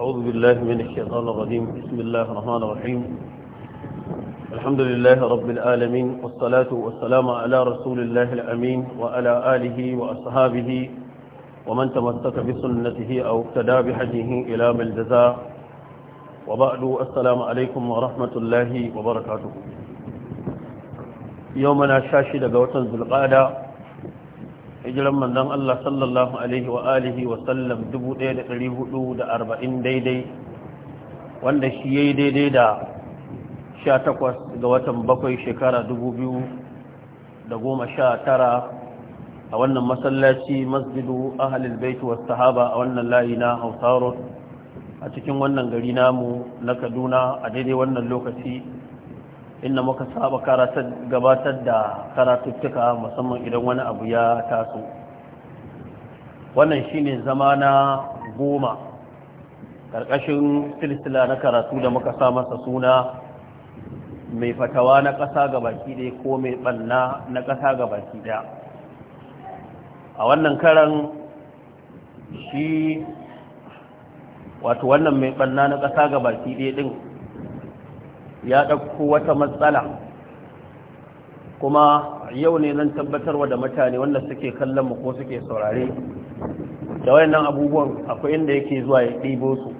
أعوذ بالله من الشيطان الرجيم بسم الله الرحمن الرحيم الحمد لله رب العالمين والصلاة والسلام على رسول الله الأمين وعلى آله وأصحابه ومن تمسك بسنته أو اقتدى بحجه إلى ملجزاء وبعد السلام عليكم ورحمة الله وبركاته يومنا شاشد قوة ذو القادة hijiran manzon Allah sallallahu alaihi wa alihi wa sallam 1440 daidai wanda shi yayi daidai da 18 ga watan bakwai shekara 2019 a wannan masallaci masjidu ahlul bait was sahaba a wannan layi na Hausarot a cikin wannan gari namu na Kaduna a daidai wannan lokaci inda muka saba gabatar da karatuttuka musamman idan wani abu ya taso wannan shine zama na goma ƙarƙashin silsila na karatu da muka sa masa suna mai fatawa na ƙasa ga baki ɗaya ko mai ɓanna na ƙasa ga baki ɗaya a wannan karan shi wato wannan mai ɓanna na ƙasa ga baki ɗaya ɗin ya ɗauko wata matsala kuma yau ne zan tabbatarwa da mutane wanda suke kallon mu ko suke saurare da wayannan abubuwan akwai inda yake zuwa ya ɗibo su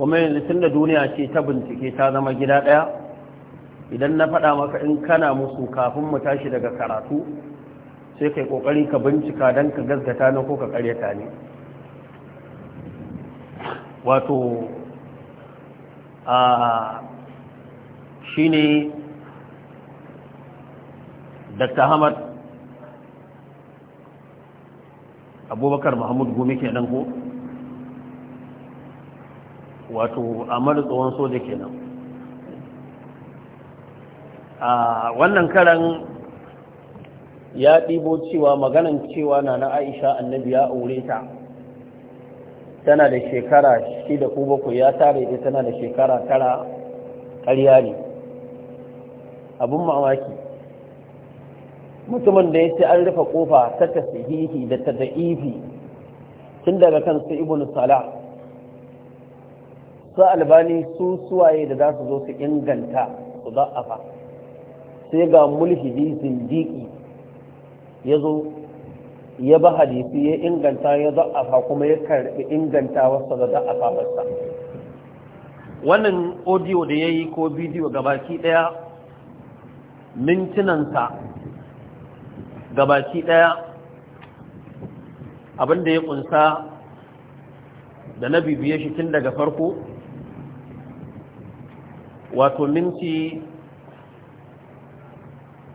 kuma yanzu tun da duniya ce ta bincike ta zama gida ɗaya idan na faɗa maka in kana musu kafin mu tashi daga karatu sai kai ƙoƙari ka bincika don ka gaskata na ko ka ƙaryata ne wato shine Dr. Ahmad Abubakar Mahmud Gumi kenan ko wato Ahmad tsohon soja kenan a wannan karan ya ɗibo cewa maganan cewa na na Aisha annabi ya aure ta tana da shekara shida ko bakwai ya tare ita tana da shekara tara ƙarya abin mamaki mutumin da ya ce an rufe kofa ta tasihihi da ta da'ifi tun daga kan su ibn salah su albani su suwaye da za su zo su inganta su za'afa sai ga mulhidi zindiki ya zo ya ba hadisi ya inganta ya za'afa kuma ya karbi inganta wasu da za'afa wasu. wannan audio da ya yi ko bidiyo gabaki daya mintinansa baki ɗaya abinda ya ƙunsa da na bibiye shi tun daga farko wato minti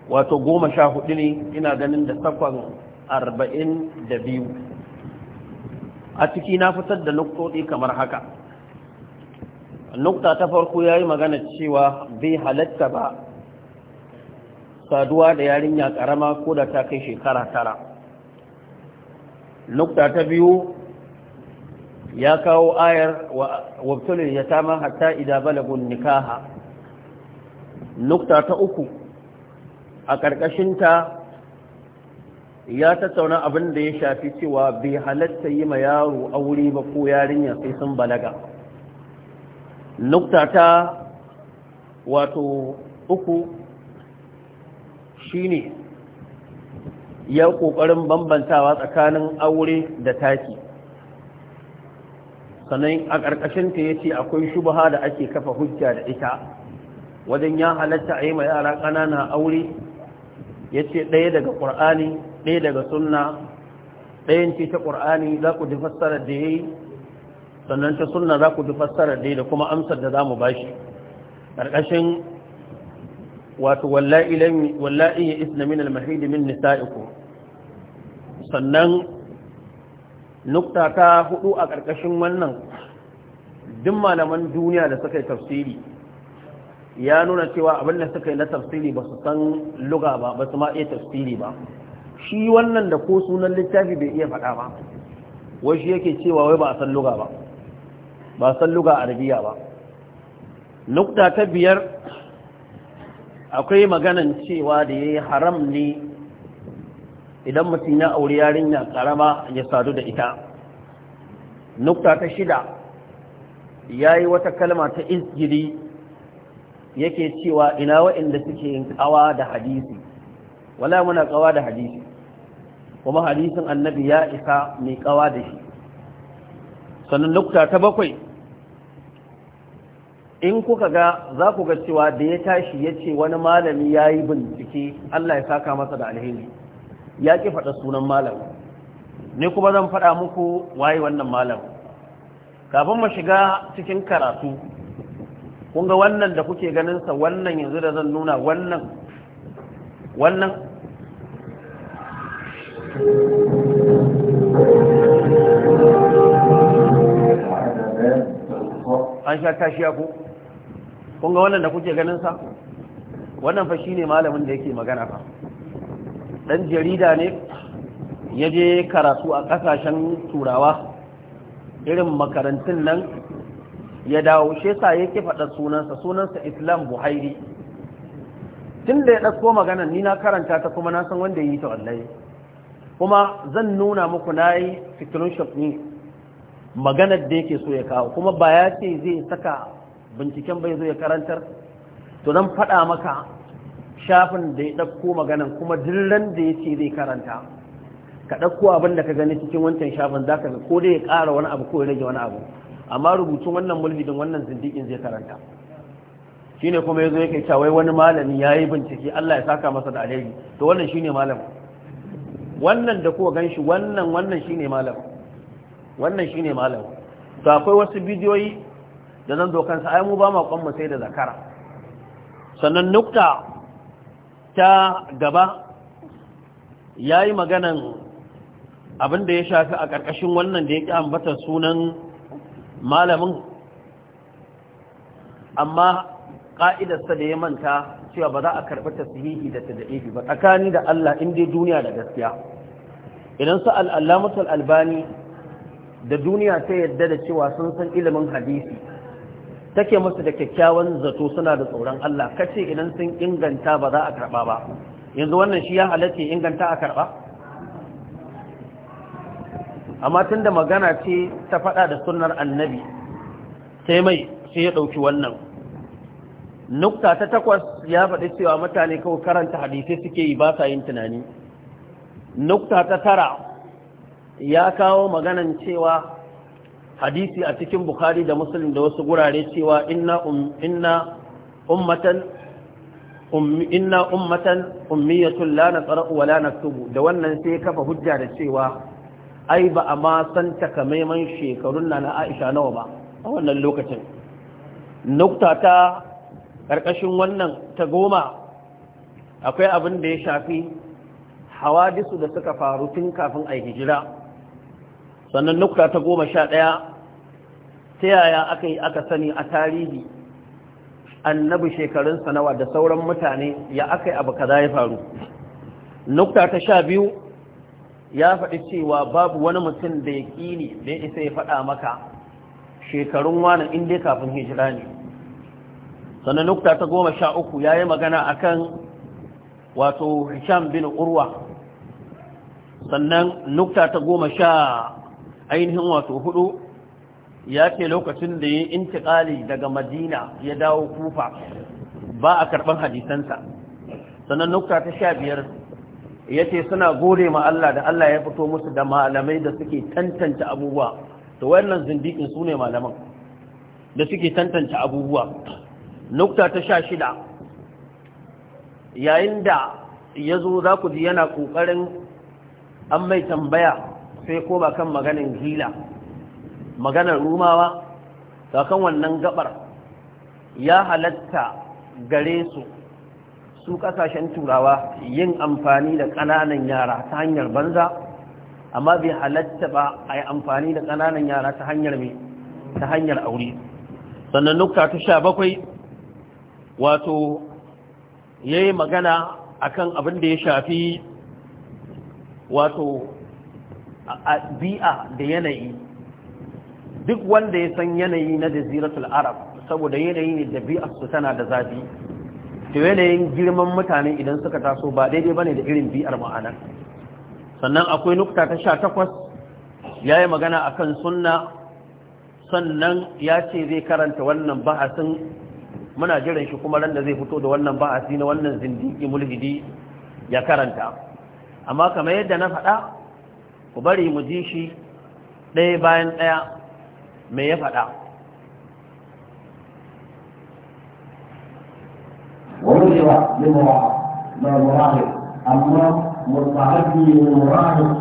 wato goma sha hudu ne ina ganin da sakon arba'in da biyu a ciki na fitar da nuktodi kamar haka nukta ta farko ya yi magana cewa bai halatta ba saduwa da yarinya karama ko da ta kai shekara tara nukta ta biyu ya kawo ayar ya yatama hatta idza balagun nikaha nukta ta uku a ƙarƙashinta ya tattauna abin da ya shafi cewa bai halatta yi ma yaro aure ba ko yarinya sai sun balaga nukta ta wato uku Shi ne ya ƙoƙarin bambantawa tsakanin aure da taki sannan a ƙarƙashinta ya ce akwai shubaha da ake kafa hujja da ita wajen ya halatta a yi ma yara ƙanana aure ya ce ɗaya daga ƙur'ani ɗaya daga sunna ɗayan ce ta ƙur'ani za ku ji fassarar da ya yi sannan ta sunna za ku ji da ya da kuma amsar da za mu ba shi ƙarƙashin wato walla'i ya isna min al min nisa'ikum sannan nukta ta hudu a ƙarƙashin wannan duk malaman duniya da suka yi tafsiri ya nuna cewa abin da suka yi na tafsiri ba su san luga ba ba su ma iya tafsiri ba shi wannan da ko sunan littafi bai iya faɗa ba wai shi yake cewa wai ba a san luga ba ba san luga arabiya ba nukta ta biyar akwai maganan cewa da ya haram ne idan mutum ya auri yarinya karama ya sadu da ita nukta ta shida ya yi wata kalma ta isgiri yake cewa ina wa'inda suke yin kawa da hadisi wala muna kawa da hadisi kuma hadisin annabi ya isa mai kawa da shi sannan nukta ta bakwai in kuka ga za ku ga cewa da ya tashi ya ce wani malami ya yi bincike Allah ya saka masa da alheri ya ƙi faɗa sunan malam ne kuma zan faɗa muku waye wannan malam kafin mu shiga cikin karatu kun ga wannan da kuke ganinsa wannan yanzu da zan nuna wannan wannan an sha tashi ya ku kun ga wannan da kuke ganin sa wannan fa shine malamin da yake magana fa dan jarida ne yaje karatu a kasashen turawa irin makarantun nan ya dawo shi yasa yake faɗa sunansa sunansa Islam Buhari. tun da ya ɗauko magana ni na karanta ta kuma na san wanda ya yi ta wallahi kuma zan nuna muku nayi yi screenshot maganar da yake so ya kawo kuma ba ya ce zai saka binciken bai zo ya karantar to don faɗa maka shafin da ya ɗauko maganan kuma dillan da ya ce zai karanta ka ɗauko abin da ka gani cikin wancan shafin za ka ga ko dai ya ƙara wani abu ko ya rage wani abu amma rubutun wannan mulhidin wannan zindikin zai karanta shine kuma yazo yake cewa wai wani malami yayi bincike Allah ya saka masa da alheri to wannan shine malam wannan da gan ganshi wannan wannan shine malam wannan shine malam to akwai wasu bidiyoyi da zan zo kansa ai mu ba ma kwanmu sai da zakara sannan nukta ta gaba ya yi maganan abin da ya shafi a ƙarƙashin wannan da ya ƙi ambata sunan malamin amma ƙa'idarsa da ya manta cewa ba za a karɓi tasirihi da ta da'ifi ba tsakani da Allah inda duniya da gaskiya idan su al'allamatul albani da duniya ta yadda da cewa sun san ilimin hadisi take musu da kyakkyawan zato suna da tsoron Allah kace idan sun inganta ba za a karba ba yanzu wannan shi ya halatta inganta a karba amma tunda magana ce ta fada da sunnar annabi sai mai sai ya dauki wannan nukta ta takwas ya faɗi cewa mutane kawai karanta hadisai suke yi ba sa yin tunani nukta ta tara ya kawo maganan cewa hadisi a cikin bukhari da muslim da wasu gurare cewa inna um, um, inna ummatan ummiyatun la naqra'u wa la da wannan sai kafa hujja da cewa ai ba a ma san takamaiman shekarun na na Aisha nawa ba a wannan lokacin nukta ta karkashin wannan ta goma akwai abin da ya shafi hawa disu da suka faru tun kafin a hijira sannan nukta ta goma sha ɗaya ta yaya aka yi aka sani a tarihi annabi shekarun sanawa da sauran mutane ya aka yi abu kaza ya faru nukta ta sha biyu ya faɗi cewa babu wani mutum da ya ƙini da ya isa ya faɗa maka shekarun wani inda kafin hijira ne sannan nukta ta goma sha uku ya yi magana a kan wato hisham bin urwa sannan nukta ta goma sha ainihin wato hudu ya ce lokacin da ya intiƙali daga madina ya dawo kufa ba a karɓar hadisansa sannan nukta ta sha biyar ya ce suna gore ma Allah da Allah ya fito musu da malamai da suke tantance abubuwa to wannan zindikin su ne malaman da suke tantance abubuwa nukta ta sha shida yayin da ya zo za ku ji yana ƙoƙarin an mai tambaya sai ko ba kan maganin gila maganar rumawa kan wannan gabar ya halatta gare su su kasashen turawa yin amfani da ƙananan yara ta hanyar banza amma bai halatta ba a yi amfani da ƙananan yara ta hanyar mai ta hanyar aure sannan nukta ta sha bakwai wato ya yi magana a kan abin da ya shafi wato biya da yanayi duk wanda ya san yanayi na jaziratul arab saboda yanayi ne dabi'ar su tana da zafi to yanayin girman mutane idan suka taso ba daidai bane da irin bi'ar ma'ana sannan akwai nukta ta 18 yayi magana akan sunna sannan ya ce zai karanta wannan ba'asin, muna jiran shi kuma ran da zai fito da wannan ba'asi na wannan zindiki mulhidi ya karanta amma kamar yadda na faɗa ku bari mu ji shi ɗaya bayan ɗaya me ya faɗa ورجع للمراهق أما مستحبي للمراهق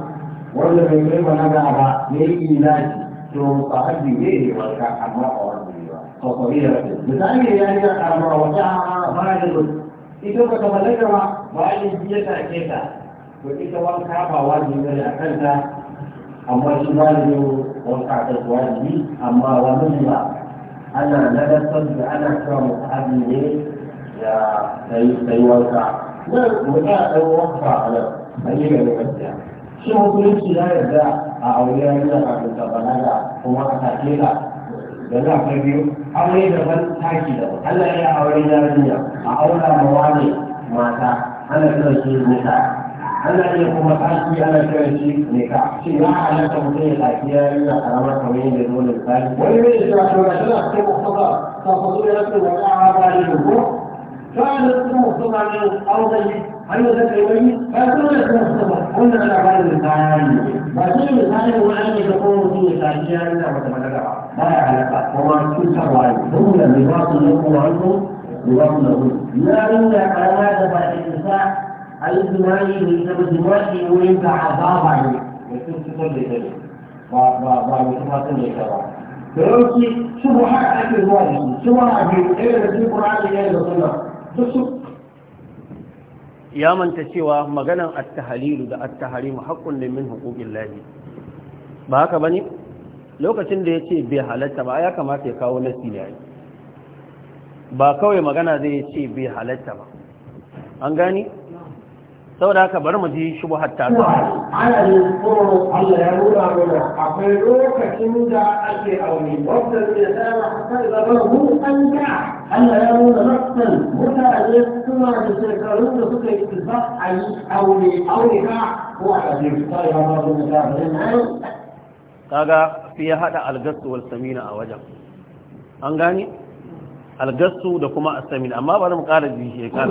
wanda bai kai ba na gaba ya yi ilashi to a haɗi ne ne wata amma a wani ba kwakwari da rafi misali ya yi a karamar wata ba da rufe ita ba ta mallaka ba ba a yi biya ta ke ta to ita wanka ba wani ne a kanta amma shi wani wata da wajibi amma wani ba ana nadartar da ana cewa mutum ne ya yi wanka nan mutum ya ɗan wanka a nan an yi da gaskiya shi hukunci ya yarda a aure ya yi da kafin ta balaga kuma a take ka da za ka biyu aure da ban taki da Allah ya aure yarinya a aura ma wani mata ana kira shi nika Allah ne kuma haƙi ana kiran shi ne ka shi ya halatta mutum ya tafi ya yi na karamar kamar yadda zo da tsari wani mai shi wato na shirin cikin muhtaba ta fasu da rasu da ƙara ba ne da ko ta da cikin muhtaba ne auzali har yau da kai wani ba su da cikin muhtaba wannan ana ba da misali ba shi ne misali ne wani ne da kuma mutum ya tafi ya yi na mata madara ba ya halatta kuma cutarwa ne don da mai ba su ne kuma hannu mai ba su na gudu. Na nuna ƙarama da ba da isa aljima'i da ita ba jima'i wurin ta azaba ne mutum fitar da ita ba ba ba mutum fitar da ita ba da yawanci shubu har ake zuwa da shi shubu a biyu ɗaya da shubu na ake ɗaya da sunna duk su ya manta cewa maganan at-tahlilu da at-tahrimu haqqun ne min huquqillahi ba haka bane lokacin da yace bai halatta ba ya kamata ya kawo nasi ne ba kawai magana zai ce bai halatta ba an gani saboda haka bari mu ji shubu hatta zuwa ana yin kuma Allah ya nuna mana akwai lokacin da ake aure wanda ne da ya hakkar da mu an ga Allah ya nuna nafsan mutane suna da shekarun da suka yi za a yi aure aure ka ko a kaje ta ya ba da kaga fi ya hada algasu wal samina a wajen an gani algasu da kuma asamina amma bari mu ƙara ji kan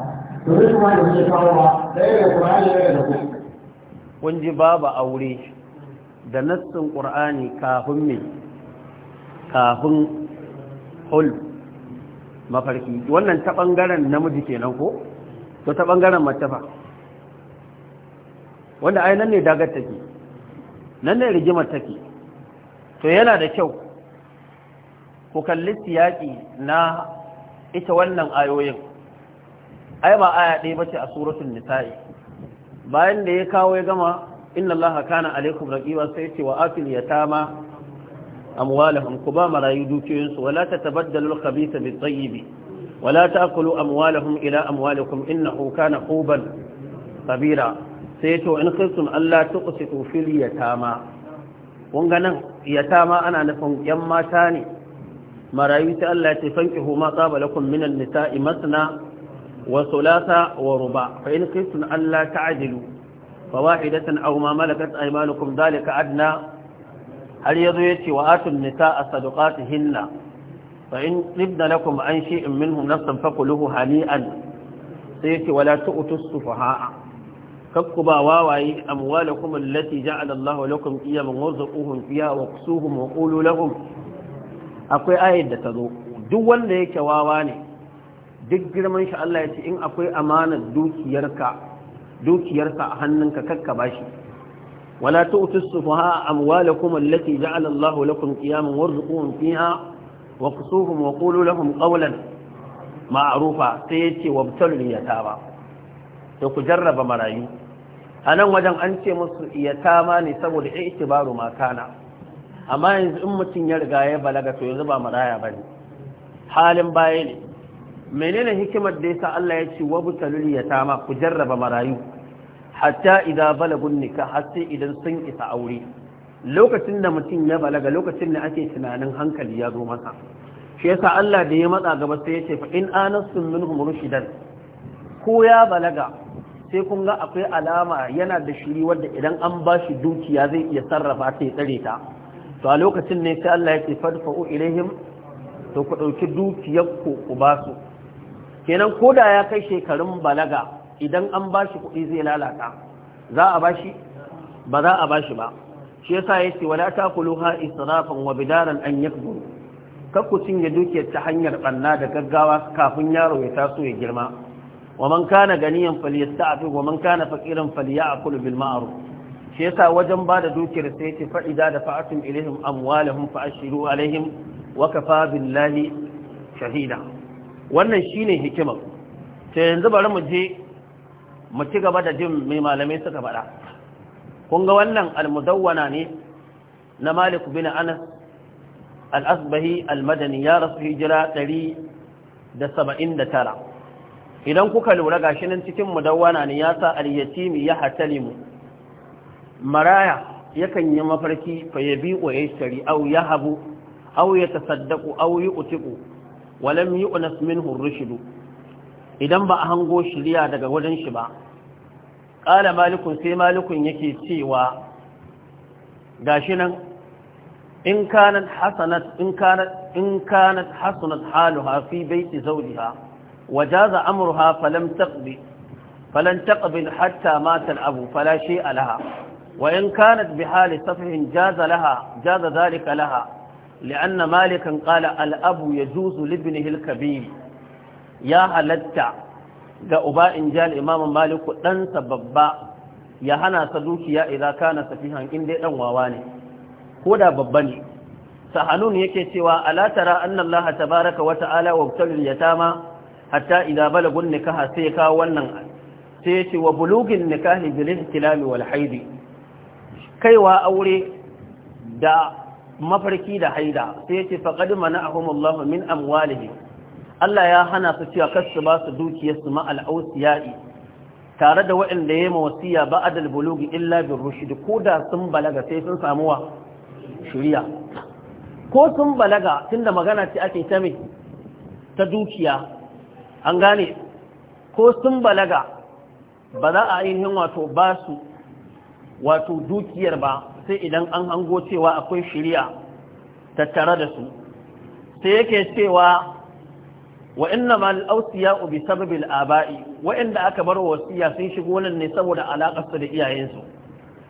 da kun ji babu aure da nassin ƙur'ani kafin mai kafin hul mafarki wannan ta ɓangaren namiji kenan ko to ta ɓangaren matafa wanda ai nan ne dagar take nan ne rigimar take to yana da kyau ku kalli siyaki na ita wannan ayoyin ai ba aya ɗaya bace a suratul nisa'i bayan da ya kawo ya gama inna allaha kana alaikum raqiba sai ce wa atil yatama amwalahum ku ba marayu dukiyoyinsu wala tatabaddalu al-khabitha bit-tayyib wala ta'kulu amwalahum ila amwalikum innahu kana huban kabira sai to in khiftum Allah tuqsitu fil yatama kun ga nan yatama ana nufin yan mata ne marayu ta Allah ya ta fankihu ma qabalakum min an-nisa'i masna وثلاثة ورباع فإن خفتم ألا تعدلوا فواحدة أو ما ملكت أيمانكم ذلك أدنى هل يضيتي وآتوا النساء صدقاتهن فإن نبن لكم عن شيء منهم نفسا فقلوه هنيئا سيتي ولا تؤتوا السفهاء كبكبا واواي أموالكم التي جعل الله لكم إياما وارزقوهم فيها وقسوهم وقولوا لهم أقوي آية تذوق دول ليك واواني duk girman shi Allah ya ce in akwai amanar dukiyarka dukiyarka a hannunka kakka bashi wala tu'tu sufaha amwalakum allati ja'ala Allah lakum qiyaman warzuquhum fiha wa qusuhum wa qulu lahum qawlan ma'rufa sai yace wabtalul yatama to ku jarraba marayu anan wajen an ce musu yatama ne saboda i'tibaru ma kana amma yanzu in mutum ya riga ya balaga to yanzu ba maraya ba bane halin baya ne menene hikimar da yasa Allah ya ce ya tama ku jarraba marayu hatta idza balagun nikah hatta idan sun isa aure lokacin da mutum ya balaga lokacin da ake tunanin hankali ya zo masa shi yasa Allah da ya matsa gaba sai ya ce fa in anastum minhum rushidan ko ya balaga sai kun ga akwai alama yana da shiri wanda idan an ba shi dukiya zai iya sarrafa ta ya tsare ta to a lokacin ne sai Allah ya ce fadfa'u ilaihim to ku dauki dukiyar ku ku ba su kenan ko da ya kai shekarun balaga idan an ba shi kuɗi zai lalata za a ba shi ba za a ba shi ba shi yasa ya ce wala ta kuluha israfan wa bidaran an yakbur kakku cinye dukiyar ta hanyar ɓanna da gaggawa kafin yaro ya taso ya girma wa man kana ganiyan fi wa man kana a kulu bil ma'ruf shi yasa wajen ba da dukiyar sai ce fa'ida da fa'atum ilaihim amwalahum fa'ashiru alaihim wa kafa billahi shahida wannan shine hikimar ta yanzu bari mu je mu ci gaba da jin mai malamai suka faɗa kun ga wannan almudawwana ne na malik bin anas al-asbahi al-madani ya rasu hijira 179 idan kuka lura gashinin nan cikin mudawwana ne ya sa al-yatimi ya mu. maraya yakan yi mafarki fa yabi wa yashtari aw yahabu aw yatasaddaqu aw yu'tiqu walam yu'nas minhu rushdu idan ba a hango shiriya daga wajen shi ba ƙala malikun sai malikun yake cewa gashi nan in kanat hasanat in kanat in kanat hasanat haluha fi baiti zawjiha wajaza amruha falam taqbi falan taqbil hatta mata abu fala shay'a laha wa in kanat bi hali safhin jaza laha jaza dhalika laha لأن مالكا قال الأب يجوز لابنه الكبير يا هلتا ga uba in ja imamin maliku ɗansa babba ya hana sa dukiya idan kana safihan in dai ɗan wawa ne ko da babba ne sahanun yake cewa ala ta baraka wata ala wa ta'ala ta ma hatta idan balagun nikaha sai kawo wannan sai yace wa bulugin nikahi bil ihtilami wal kaiwa aure da mafarki da haida sai ya yace faqad mana'ahum Allah min amwalihi Allah ya hana su cewa kasu ba su dukiyarsu ma al-ausiyai tare da waɗanda yayi wasiya ba'd al-bulughi illa bir-rushd koda sun balaga sai sun samu wa shirya. ko sun balaga tun da magana ce ake ta ta dukiya an gane ko sun balaga ba za a ainihin wato ba su wato dukiyar ba sai idan an hango cewa akwai shirya tattare da su sai yake cewa wa inna ma al-awsiya bi sababi al-aba'i wa inda aka bar wasiya sun shigo nan ne saboda alaƙar su da iyayensu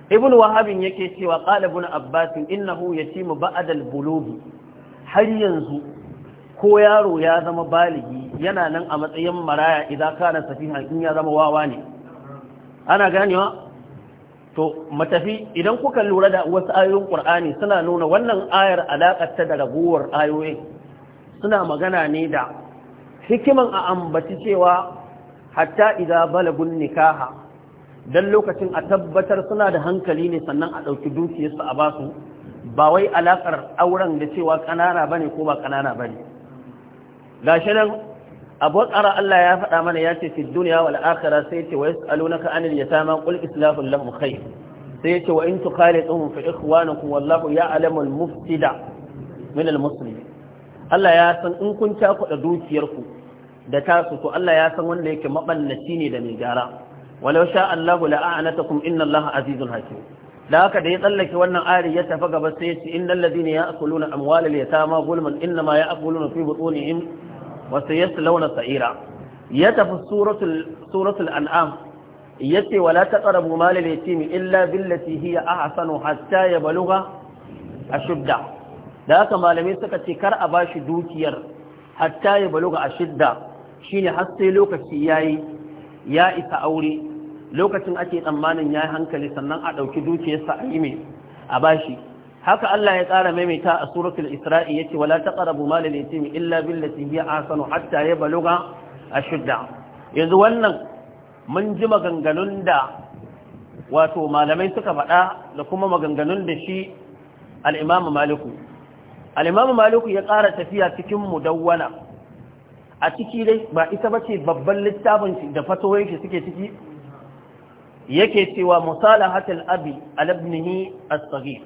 ibn wahabin yake cewa qala ibn abbas innahu yatimu ba'd al-bulugh har yanzu ko yaro ya zama baligi yana nan a matsayin maraya idan kana safiha in ya zama wawa ne ana ganewa to matafi idan kuka lura da wasu ayoyin ƙur'ani suna nuna wannan ayar alaƙarta da raguwar ayoyi suna magana ne da hikiman a ambaci cewa hatta idan balagun nikaha don lokacin a tabbatar suna da hankali ne sannan a ɗauki dukiyarsu a basu ba wai alaƙar auren da cewa ƙanana bane ko ba ƙanana bane. ne gashi abu ƙara Allah ya faɗa mana ya ce fi duniya wal akhira sai ce wa yas'alunaka anil yatama qul islahul lahum khair sai ce wa in tukhalituhum fa ikhwanukum wallahu ya'lamul mufsida min al muslim Allah ya san in kun ta kuɗa dukiyarku da tasu to Allah ya san wanda yake maballaci ne da mai gyara walau sha Allahu la'anatakum inna Allah azizun hakim da haka da ya tsallake wannan ayar ya tafi gaba sai ya ce innal ladina ya'kuluna amwalal yatama zulman inna ma ya'kuluna fi butunihim wasu yasu launa sa'ira ya tafi suratul an'am ya ce wala ta ƙarabu malin ya ce illa billati hiya a hatta ya a da haka malamai suka ce kar a bashi dukiyar hatta ya baluga a shidda shine har sai lokaci yayi ya isa aure lokacin ake tsammanin yayi hankali sannan a ɗauki dukiyarsa a yi mai a bashi haka Allah ya ƙara maimaita a suratul isra'i yace wala taqrabu mal yatim illa billati hiya ahsanu hatta yablugha ashudda yanzu wannan mun ji maganganun da wato malamai suka faɗa da kuma maganganun da shi al-Imam Maliku al-Imam Maliku ya ƙara tafiya cikin mudawwana a ciki dai ba ita bace babban littafin da fatoyin shi suke ciki yake cewa musalahatul abi al-ibnihi as-saghir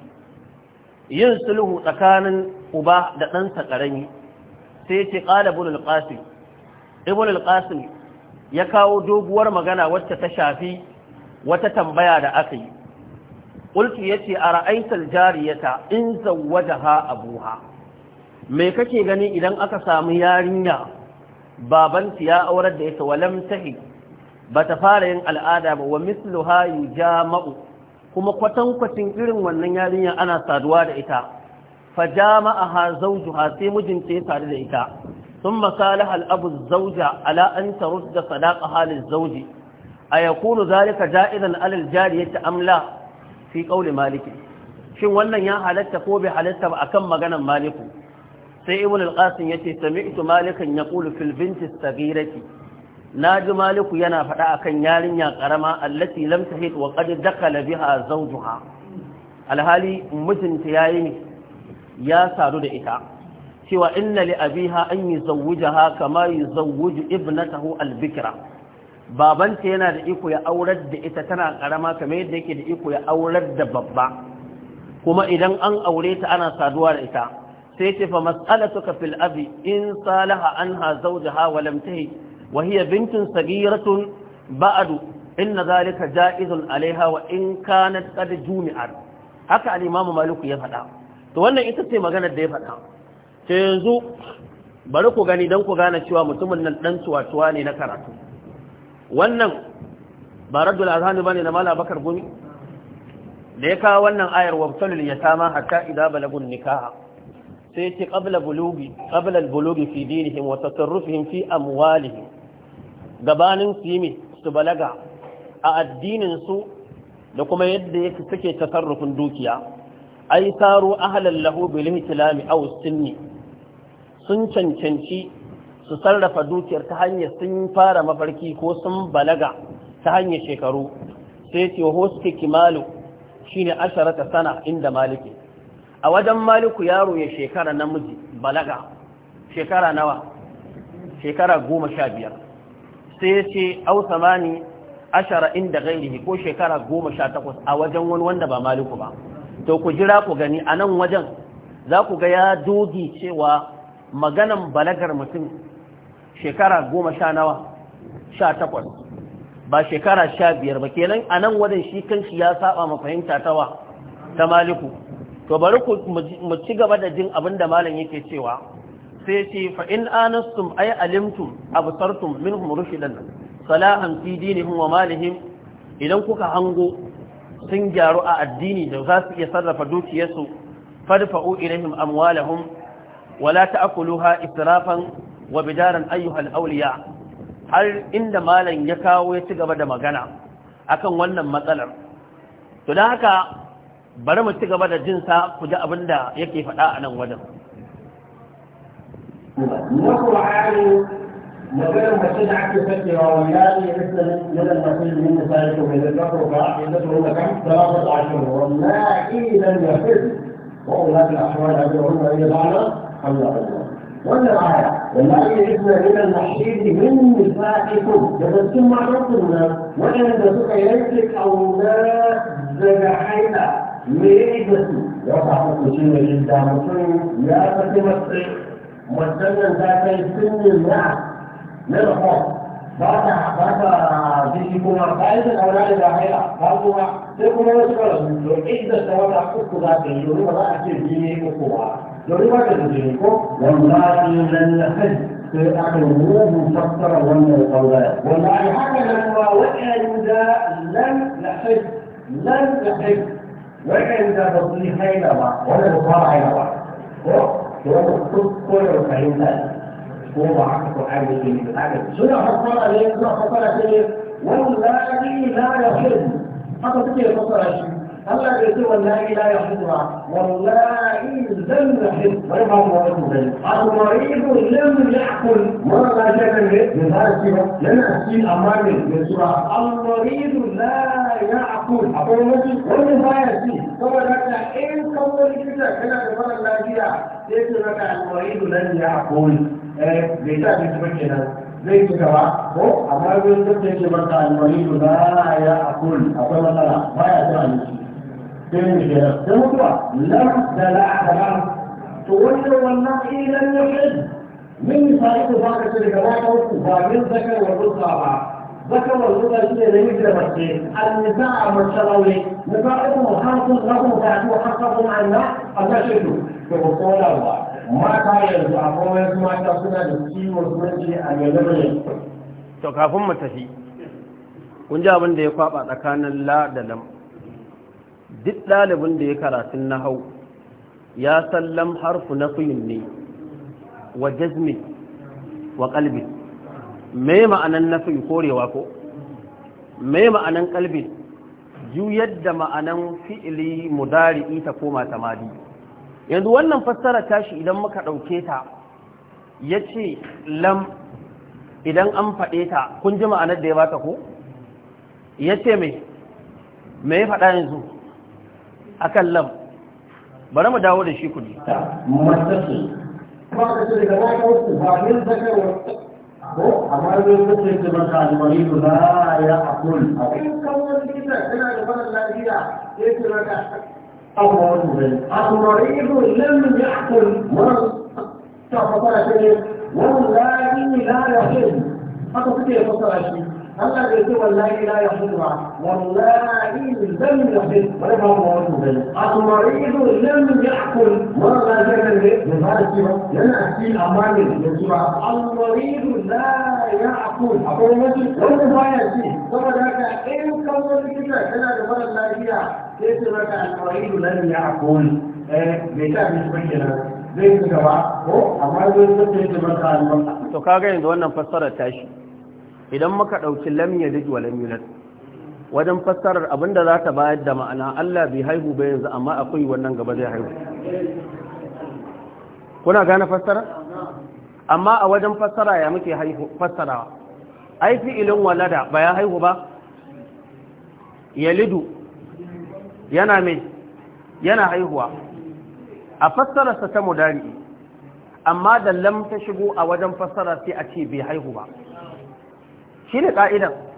yin sulhu tsakanin uba da ɗansa ƙarami sai ce ƙada bulul al ibn ya kawo doguwar magana wacce ta shafi wata tambaya da aka yi ya qultu yace ya jariyata in a abuha me kake gani idan aka samu yarinya babanta ya aurar da ta walam Ba ta fara yin al'ada ba wa misluha ma'u kuma kwatankwacin irin wannan yarinya ana saduwa da ita fajama'aha zawjuha sai mijinta ya sadu da ita sun salaha al zauja zawja ala an tarudda sadaqaha liz-zawji ayakunu zalika ja'idan ala al-jariyati amla fi qawli maliki. shin wannan ya halatta ko bai halatta ba akan maganan maliku sai ibn al-qasim yace sami'tu malikan ya ƙulu binti as na ji maliku yana faɗa akan yarinya ƙarama allati lam tahid wa qad dakala biha zawjuha alhali mijinta ya yi ya sadu da ita cewa inna li abiha an yuzawwijaha kama yuzawwiju ibnatahu albikra babanta yana da iko ya aurar da ita tana ƙarama kamar yadda yake da iko ya aurar da babba kuma idan an aure ta ana saduwa da ita sai ce fa mas'alatuka fil abi in salaha anha zawjaha wa lam tahi وهي بنت صغيرة بعد إن ذلك جائز عليها وإن كانت قد جمعت haka al'imamu maluku ya faɗa to wannan ita ce maganar da ya faɗa ta yanzu bari ku gani don ku gane cewa mutumin nan ɗan cuwa-cuwa ne na karatu wannan ba raddul azhani ba ne na mala bakar gumi da ya kawo wannan ayar wabtalul yatama hatta idza balagun nikaha sai yace qabla bulugi fi dinihim wa tasarrufihim fi amwalihim gabanin su yi su balaga a addinin su da kuma yadda yake suke tasarrufin dukiya ai saru ahlan lahu bil ihtilami aw sunni sun cancanci su sarrafa dukiyar ta hanyar sun fara mafarki ko sun balaga ta hanyar shekaru sai ce hoske kimalu shine asharata sana inda maliki a wajen maliku yaro ya shekara namiji balaga shekara nawa shekara goma sha biyar sai ya ce au samani ashara inda gairihi ko shekara goma sha takwas a wajen wani wanda ba maliku ba to ku jira ku gani a nan wajen za ku ga ya dogi cewa maganan balagar mutum shekara goma sha nawa sha takwas ba shekara sha biyar ba kenan a nan wajen shi kanshi ya saba ma fahimta tawa ta maliku to bari ku mu ci gaba da jin abin da malam yake cewa sai ce fa in anastum ay alimtum absartum minhum rushdan salahan fi dinihim wa malihim idan kuka hango sun gyaru a addini da za su iya sarrafa dukiyarsu fadfa'u ilaihim amwalahum wala ta'kuluha israfan wa bidaran ayyuhal awliya har inda malan ya kawo ya ci gaba da magana akan wannan matsalar to haka bari mu ci gaba da jinsa ku ji abin da yake faɗa a nan wajen نقل عن مثلا مسجد عكس فتح راوياتي مثل من المسجد من مساجد ومن الكفر فعقيدتهن كم؟ ثلاثة عشر وما إن لم يفر وأولاة الأحوال أجرهن أن يضعن حملهن والآية وما يئسن من المحيض من نسائكم لقد ثم عرفتنا وإن تسوق إليك أو ما زجحيت ميزة وصحبة مشينة جدا مسلم لا تتمسك مسلم ذات السن نعم للخوف بعد بعد ذي يكون قائد او لا داخل بعد ما تكون مشكلة لو عيد السواد حقك ذات اليوم ما أكيد ديني وقوة لو ما تدينك والله إن النخل تأكلوه مفسر ولا قولا والله حكم لما وعند لم نحب لم نحب وعند بطيحين ما ولا بطارحين ما وتذكر فإنها وضعت عبد من عبد سنة حصل ليه سنة حصل ليه والذي لا يحل حتى تكي حصل شيء Allah bai ce wallahi la ya hudura wallahi zan na hudura ba mu wani kudai al-maridu lam ya'kul wala la shaka ne da za shi ba yana shi amma ne da sura al-maridu la ya'kul akwai wani wani baya shi saboda haka in kan wani kita kana da mara lafiya sai ce maka al-maridu lam ya'kul eh bai ta ji ba kenan zai ci gaba ko amma zai tattace maka alwali da ya akul akwai matsala baya zuwa ne sai da sai mutuwa lam da la'a to wanda wannan ilan ya fi min sai ku ba ka daga wata ku ba min zakar wa rusa ba zakar wa rusa shi ne namiji da mace annisa a mace rauni nisa'ukum harsun lakum ta'tu hasakum anna ce to ku kola ba mata yanzu akwai wasu mata suna da ciwon zuci a yanzu to kafin mu tafi kun ji abin da ya kwaba tsakanin la da lam duk ɗalibin da ya karatun na hau ya sallam harfu na fiyin ne wa jazmi wa ƙalbi mai ma'anan na fiye korewa ko mai ma'anan ƙalbi juyar da ma'anan fi'ili mudari'i ita koma tamadi yanzu wannan fassara tashi idan muka ɗauke ta ya ce lam idan an faɗe ta kun ji ma'anar da ya bata ko ya ce mai mai faɗa yanzu akan lam bari mu dawo da shi ku ji amma zai kusa yake maka almari ba ya akul a kan kawon gida yana da fara lafiya ya ce maka المريض لم يحكم مرض والله لا يحل haka suke yi fasara shi Allah bai ce wallahi la yahillu wallahi lam yahil wala ba mu wani المريض لم يحكم مرة ذلك من هذا السيرة لن أحكي أمامي بالسيرة المريض لا يعقل أقول مثل لو ما يأتي ثم ذاك إن كون كذا كذا لمرة zai gaba ko amma zai to kaga yanzu wannan fassarar tashi idan muka ɗauki lamya zai wa lam wajen fassarar abinda za ta bayar da ma'ana Allah bai haihu ba yanzu amma akwai wannan gaba zai haihu kuna gane fassara amma a wajen fassara ya muke haihu fassarawa ai ilin walada ba ya haihu ba yalidu yana mai yana haihuwa a fassararsa ta mudari amma da lam ta shigo a wajen fassara sai a ce bai haihu ba shi ne ka'idan.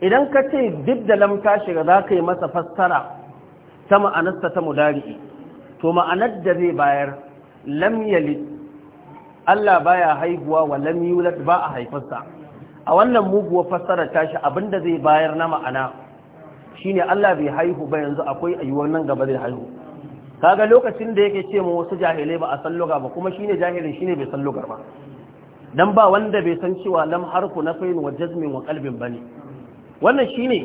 idan ka ce duk da lamta shiga za ka yi masa fassara ta ma'anasta ta mudari'i to ma'anar da zai bayar lamyali Allah baya haihuwa wa lamyulat ba a haifarsa a wannan muguwa fassara tashi abinda zai bayar na ma'ana shine Allah bai haihu ba yanzu akwai ayyuwan nan gaba zai haihu kaga lokacin da yake ce mu wasu jahilai ba a san ba kuma shine jahilin shine bai san ba dan ba wanda bai san cewa lam harfu fayin wa jazmin wa qalbin bane wannan shi ne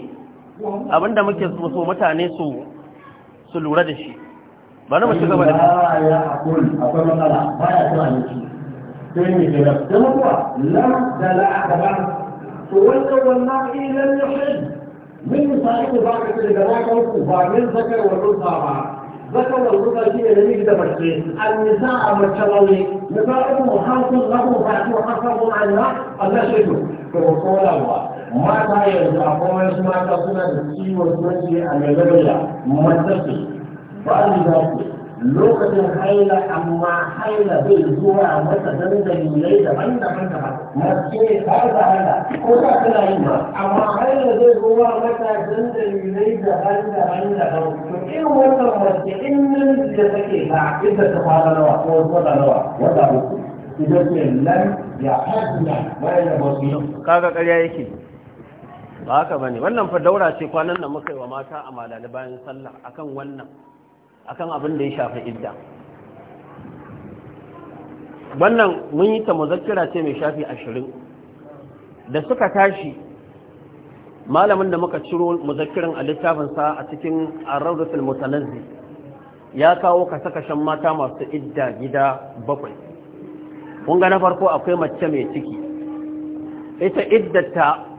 abinda muke so mutane su su lura da shi bari mu ci gaba da ya akwai matsala ba ya zuwa ne shi sai ne da kuma kuwa la da la aka ba to wanda wannan ilan ya hin min misali ku ba ka ce da na kan ku ba min zakar wannan ba zakar wannan shi ne da miji da mace an nisa a mace launi nisa'u muhammad lahu fa'atu hasabu anna Allah shaidu to ko lawa mata yanzu a kuma su mata suna da ciwon kwanci a malaria matsafi ba ni za su, lokacin haila amma haila bai zuwa mata don dalilai daban-daban daban mace ta da haila ko ta na yi ba amma haila zai zuwa mata don dalilai daban-daban daban to irin wannan mace in nan da take ta inda ta fara nawa ko wata nawa wata uku idan ce nan ya haɗu da bayan da masu yau kaga ƙarya yake ba haka bane wannan fa daura ce kwanan nan muka yi wa mata a malali bayan sallah akan wannan akan abin da ya shafi idda wannan mun yi ta muzakkira ce mai shafi ashirin da suka tashi malamin da muka ciro muzakkirin a littafin sa a cikin ar-rawdatul mutanazzi ya kawo ka saka shan mata masu idda gida bakwai kun ga na farko akwai mace mai ciki ita iddata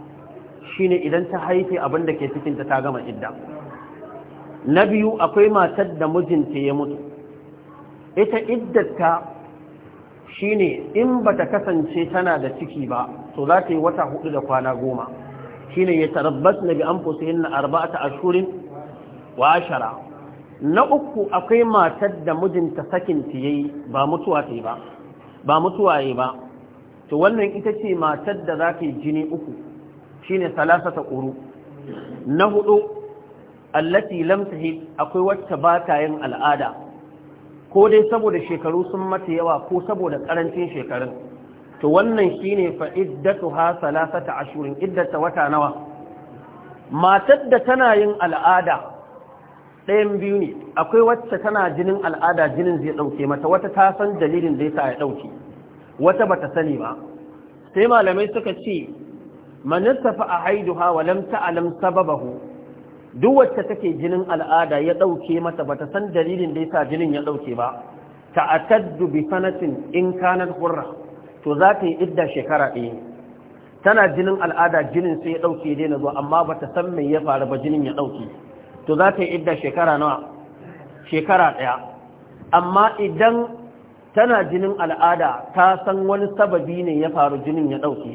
shine idan ta haife abinda ke cikinta ta gama idda na biyu akwai matar da mijinta ya mutu ita iddarta shine in bata kasance tana da ciki ba to za ta yi wata hudu da kwana goma shine ya tarabbas na bi an fusihin na arba'ata ashurin wa ashara na uku akwai matar da mijinta sakinta ya yi ba mutuwa ta yi ba ba mutuwa ya ba to wannan ita ce matar da za ta yi jini uku shine salasata quru na hudu allati lam tahi akwai wacce ba ta yin al'ada ko dai saboda shekaru sun mata yawa ko saboda ƙarancin shekarun to wannan shine fa ha salasata ashurin iddata wata nawa matar da tana yin al'ada ɗayan biyu ne akwai wacce tana jinin al'ada jinin zai ɗauke mata wata ta san dalilin zai sa ya ɗauke wata bata sani ba sai malamai suka ce man tafa a haiduha wa lam ta'lam sababahu duk wacce take jinin al'ada ya dauke mata ta san dalilin da yasa jinin ya dauke ba Ta ta'attaddu bi sanatin in kanat hurra to za ta yi idda shekara ɗaya tana jinin al'ada jinin sai ya dauke dai na amma amma ta san me ya faru ba jinin ya dauke to za ta yi idda shekara nawa shekara ɗaya amma idan tana jinin al'ada ta san wani sababi ne ya faru jinin ya dauke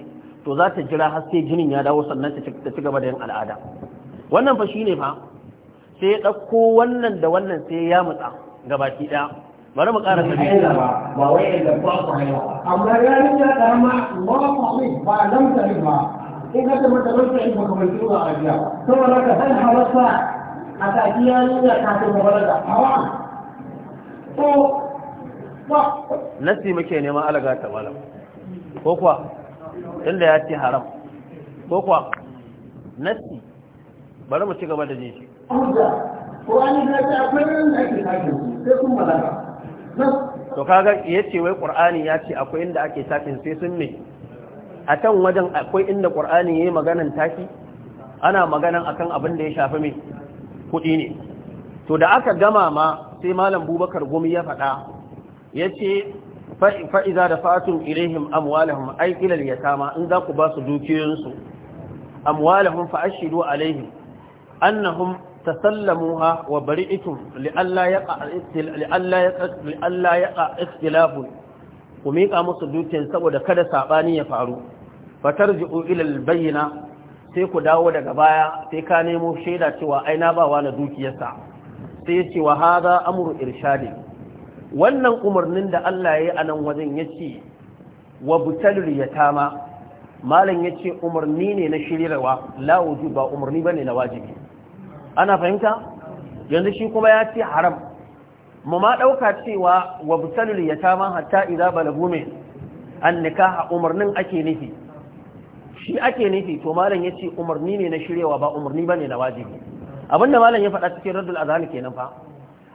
to za ta jira har sai jinin ya dawo sannan ta ci gaba da yin al'ada wannan fa shine fa sai ya dauko wannan da wannan sai ya mutsa gaba ki da bari mu ƙara sabi ba wai da ba ku haihuwa amma ya ta dama ba ku ba dan ta ba in ka tabbata da wannan shi ba mai kiwo a jiya to saboda ka san hawasa a ta jiya ni ya ta kafin mabalaga hawa ko ba nasi muke neman alaga ta malam ko kuwa tunda ya ce haram ko kuwa nasi bari mu ci gaba da jeji to kaga ya ce wai ƙur'ani ya ce akwai inda ake takin sai sun ne a can wajen akwai inda ƙur'ani ya yi maganan taki ana maganan akan abin da ya shafi mai kuɗi ne to da aka gama ma sai malam bubakar gumi ya faɗa ya ce fa'iza da dafa'tum ilaihim amwalahum ai ilal yatama in za ku ba su dukiyoyinsu amwalahum fa ashidu alaihim annahum tasallamuha wa bari'tum li'alla yaqa yaqa ikhtilafun ku miƙa musu dukiyan saboda kada sabani ya faru fatarji'u ila al-bayyina sai ku dawo daga baya sai ka nemo shaida cewa aina ba na dukiyarsa sai ya ce wa hada amru irshadi wannan umarnin da Allah ya yi a nan wajen ya ce wa butalul yatama malam ya ce umarni ne na shirirawa la ba umarni ba ne na wajibi ana fahimta yanzu shi kuma ya ce haram mu ma ɗauka cewa wa butalul yatama hatta idza balagu min an nikaha umarnin ake nufi shi ake nufi to malam ya ce umarni ne na shirewa ba umarni ba ne na wajibi abinda malam ya faɗa cikin raddul azhar kenan fa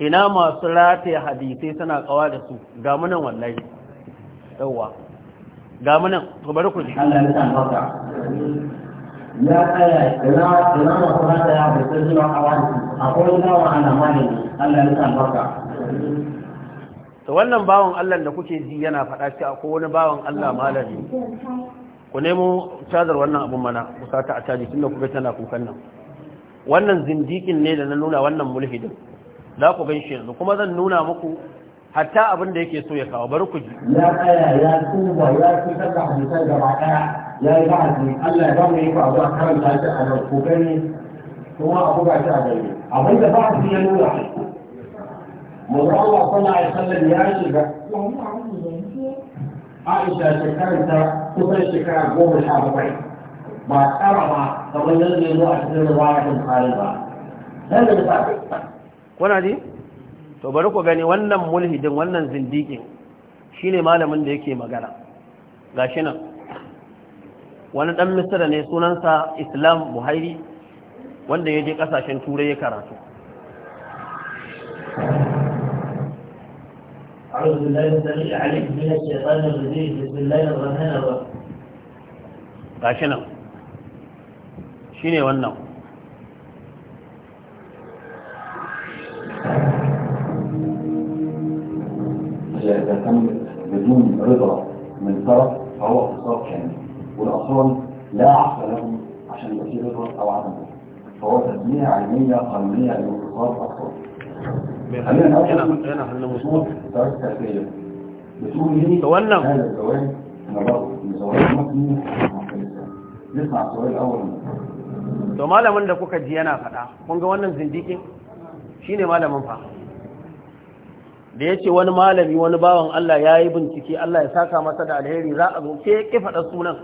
ina masu rataya hadisai suna kawa da su ga munan wallahi yawa ga munan to bari ku ji Allah ya san ya kaya ina masu rataya hadisai suna kawa da su akwai nawa ana mani Allah ya san haka to wannan bawan Allah da kuke ji yana faɗa shi akwai wani bawan Allah malami ku nemo cajar wannan abun mana ku sata a caji tunda kuka tana kukan nan wannan zindikin ne da na nuna wannan mulhidin za ku gan shi yanzu kuma zan nuna muku hatta abin da yake so ya kawo bari ku ji ya tsaya ya tuba ya fi saka hadisai gaba daya ya yi ba'azi Allah ya ba yi ba zuwa karanta shi a nan ku gani kuma a buga shi a gari abin da ba'azi ya nuna manzo Allah sallallahu alaihi wasallam ya shiga Aisha shekaranta kusan shekara goma sha bakwai ba tsara ba kamar yanzu ya zo a cikin ruwa ya kan ba. Nan da ta kuna ji to bari ku gani wannan mulhidin wannan zindikin shine malamin da yake magana gashi nan wani dan misira ne sunansa Islam buhari wanda ya je kasashen turai ya karatu أعوذ بالله السميع العليم من gashi nan shi wannan إذا تمت بدون رضا من طرف فهو اغتصاب كامل والأطفال لا عقل لهم عشان يبقى فيه رضا أو عدم رضا فهو تبنية علمية قانونية لاغتصاب أطفال خلينا نقول هنا احنا مسؤول طريقة التربية بتقول إيه؟ لي هذا الزواج أنا برضه الزواج مبني نسمع السؤال الأول منه to malamin da kuka ji yana faɗa kun ga wannan zindikin Shi ne malamin fa da ya ce wani malami wani bawan Allah ya yi bincike Allah ya saka masa da alheri za a zo sai ya ƙi sunan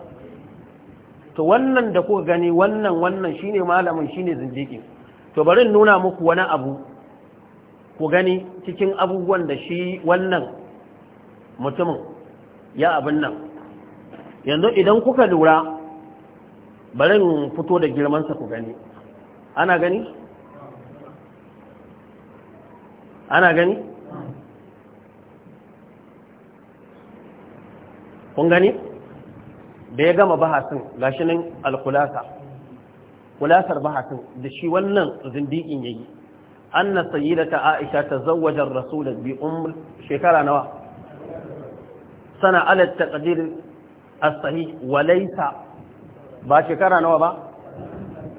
to wannan da kuka gani wannan wannan shi ne malamin shi ne zindiƙin to bari nuna muku wani abu ku gani cikin abubuwan da shi wannan mutumin ya abin nan yanzu idan kuka lura bari fito da girmansa ku gani ana gani ana gani kun gani da ya gama bahasin gashinin nan alkulasa kulasar bahasin da shi wannan zindiƙin yayi anna ta aisha ta ar-rasul bi umm shekara nawa sana alat taqdir as-sahih wa laysa ba shekara nawa ba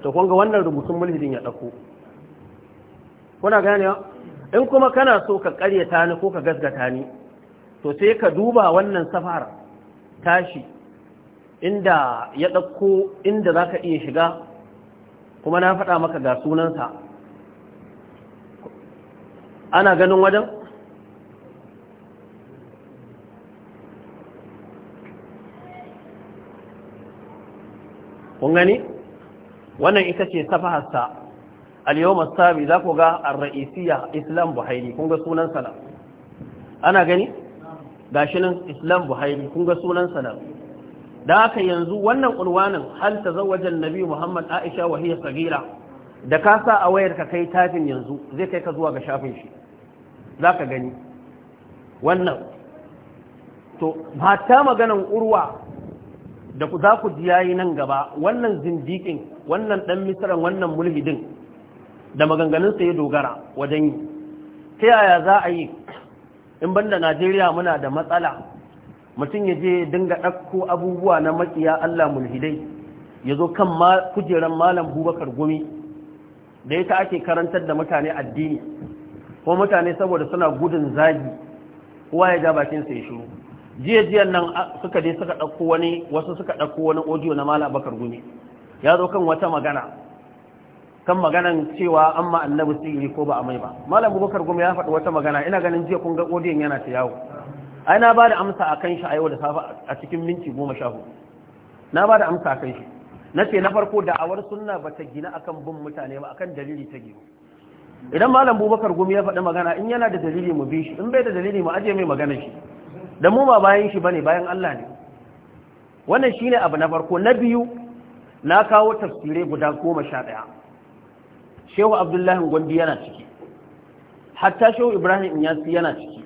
to kun ga wannan rubutun mulhidin ya dauko kuna ganewa in kuma kana so ka karyata ni ko ka gasgata ni to sai ka duba wannan safar tashi inda ya ɗauko inda za ka iya shiga kuma na faɗa maka ga sunansa ana ganin wajen kun wannan ita ce safaharsa al-yawm za ku ga ar-ra'isiyya Islam Buhairi kun ga sunan sana ana gani gashi nan Islam Buhairi kun ga sunan sana da haka yanzu wannan unwanin hal tazawwaja an-nabi Muhammad Aisha wa hiya sagira da ka sa a wayarka kai tafin yanzu zai kai ka zuwa ga shafin shi Za ka gani wannan to hatta maganan urwa da ku za ku ji yayi nan gaba wannan zindikin wannan ɗan misran wannan mulhidin da maganganunsa ya dogara wajen yi ta yaya za a yi in banda najeriya muna da matsala mutum ya je dinga ɗakko abubuwa na matsiya allah mulhidai ya zo kan kujeran malam bubakar gumi da ya ta ake karantar da mutane addini ko mutane saboda suna gudun zagi kowa ya ja bakinsa ya shiru jiya-jiyan nan suka je suka ɗakko wani wasu suka ɗauko wani audio na malam bakar gumi ya zo kan wata magana kan maganan cewa an ma annabi sihiri ko ba a mai ba malam bukar gumi ya faɗi wata magana ina ganin jiya kun ga odiyan yana ta yawo ai na bada amsa a kan shi a yau da safa a cikin minti goma sha hudu na bada amsa a kan shi na ce na farko da'awar sunna ba ta gina akan bin mutane ba akan dalili ta gina idan malam bubakar gumi ya faɗi magana in yana da dalili mu bi shi in bai da dalili mu aje mai magana shi da mu ba bayan shi bane bayan Allah ne wannan shine abu na farko na biyu na kawo tafsirai guda goma sha ɗaya shehu abdullahi gwandi yana ciki hatta shehu ibrahim yasi yana ciki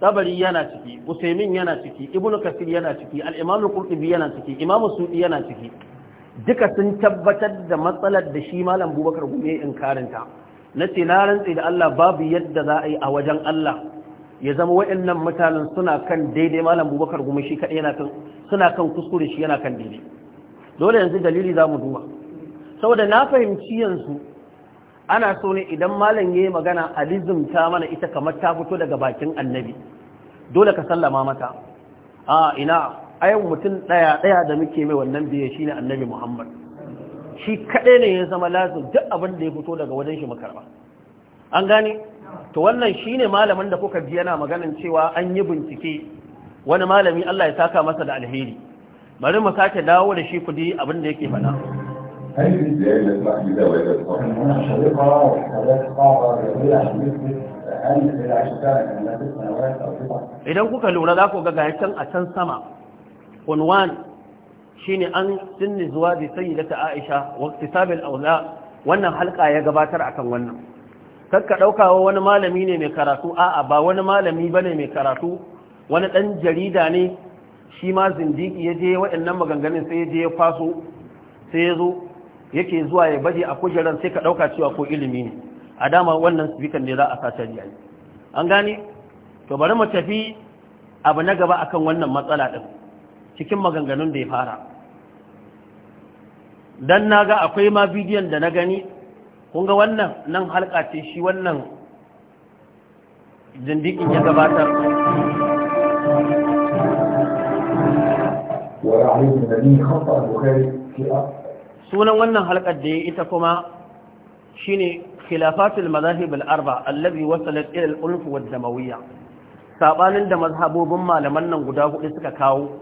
tabari yana ciki usaimin yana ciki ibn kasir yana ciki al-imam qurtubi yana ciki imam Suɗi yana ciki duka sun tabbatar da matsalar da shi malam bubakar gume in karanta ce na rantsi da Allah babu yadda za a yi a wajen Allah ya zama waɗannan mutanen suna kan daidai malam bubakar gume shi kaɗai yana kan suna kan kuskure shi yana kan daidai dole yanzu dalili za mu duba saboda na fahimci yanzu ana so ne idan malam ya yi magana alizm ta mana ita kamar ta fito daga bakin annabi dole ka sallama mata a ina ayin mutum daya daya da muke mai wannan biye shine annabi Muhammad shi kaɗai ne ya zama lazum duk abin da ya fito daga wajen shi makarba an gane to wannan shine malamin da kuka ji yana maganin cewa an yi bincike wani malami Allah ya saka masa da alheri bari mu sake dawo da shi kudi abin da yake faɗa هل ازاي نسمع كده ولا تسمع؟ هنا شريقة وحاجات صعبة جميلة عشان idan kuka lura za ku ga can a can sama unwan shine an sinni zuwa da sayyidata Aisha waqti sabil aula wannan halka ya gabatar akan wannan kakka daukawa wani malami ne mai karatu a'a ba wani malami ba ne mai karatu wani dan jarida ne shi ma zindiki ya je waɗannan maganganun sai ya je ya faso sai ya zo yake zuwa ya baje a kujeran sai ka ɗauka cewa ko ilimi ne a dama wannan sifikan ne za a sa shari'a an gane to bari mu tafi abu na gaba akan wannan matsala din cikin maganganun da ya fara dan naga akwai ma bidiyon da na gani kun ga wannan nan halka ce shi wannan jindikin ya gabatar ورعيه النبي خطأ البخاري في أصل sunan wannan halkar da ya ita kuma shine khilafatul mazahib arba allabi wasalat ila al-ulf wa damawiyya da mazhabobin malaman nan guda hudu suka kawo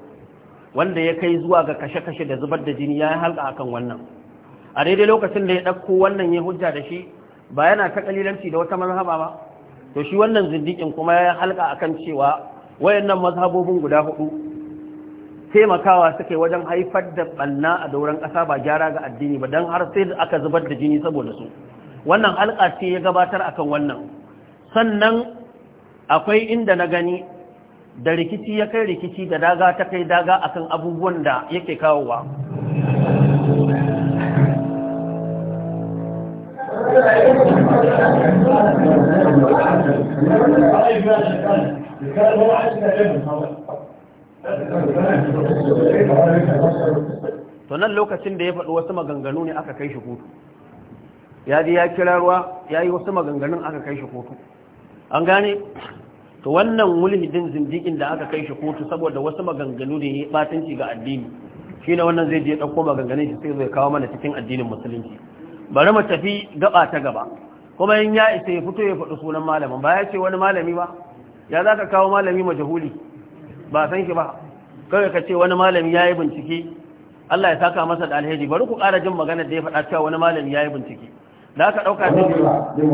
wanda ya kai zuwa ga kashe-kashe da zubar da jini ya halka akan wannan a daidai lokacin da ya dauko wannan ya hujja da shi ba yana ta kalilanci da wata mazhaba ba to shi wannan zindikin kuma ya halka akan cewa wayannan mazhabobin guda hudu taimakawa suke wajen haifar da ɓanna a dauran ƙasa ba gyara ga addini ba don har sai da aka zubar da jini saboda su wannan halka ce ya gabatar akan wannan sannan akwai inda na gani da rikici ya kai rikici da daga ta kai daga akan abubuwan da yake kawowa Thank you. to nan lokacin da ya faɗi wasu maganganu ne aka kai shi kotu ya ji ya kira ruwa ya yi wasu maganganun aka kai shi kotu an gane to wannan mulhidin zindikin da aka kai shi kotu saboda wasu maganganu da ya yi batanci ga addini shi ne wannan zai je ɗauko maganganun shi sai zai kawo mana cikin addinin musulunci bari mu tafi gaba ta gaba kuma in ya isa ya fito ya faɗi sunan malamin ba ya ce wani malami ba ya za ka kawo malami majahuli ba san ki ba kawai ka ce wani malami ya yi bincike Allah ya saka masa da alheri bari ku ƙara jin magana da ya faɗa cewa wani malami ya yi bincike da aka ɗauka da yi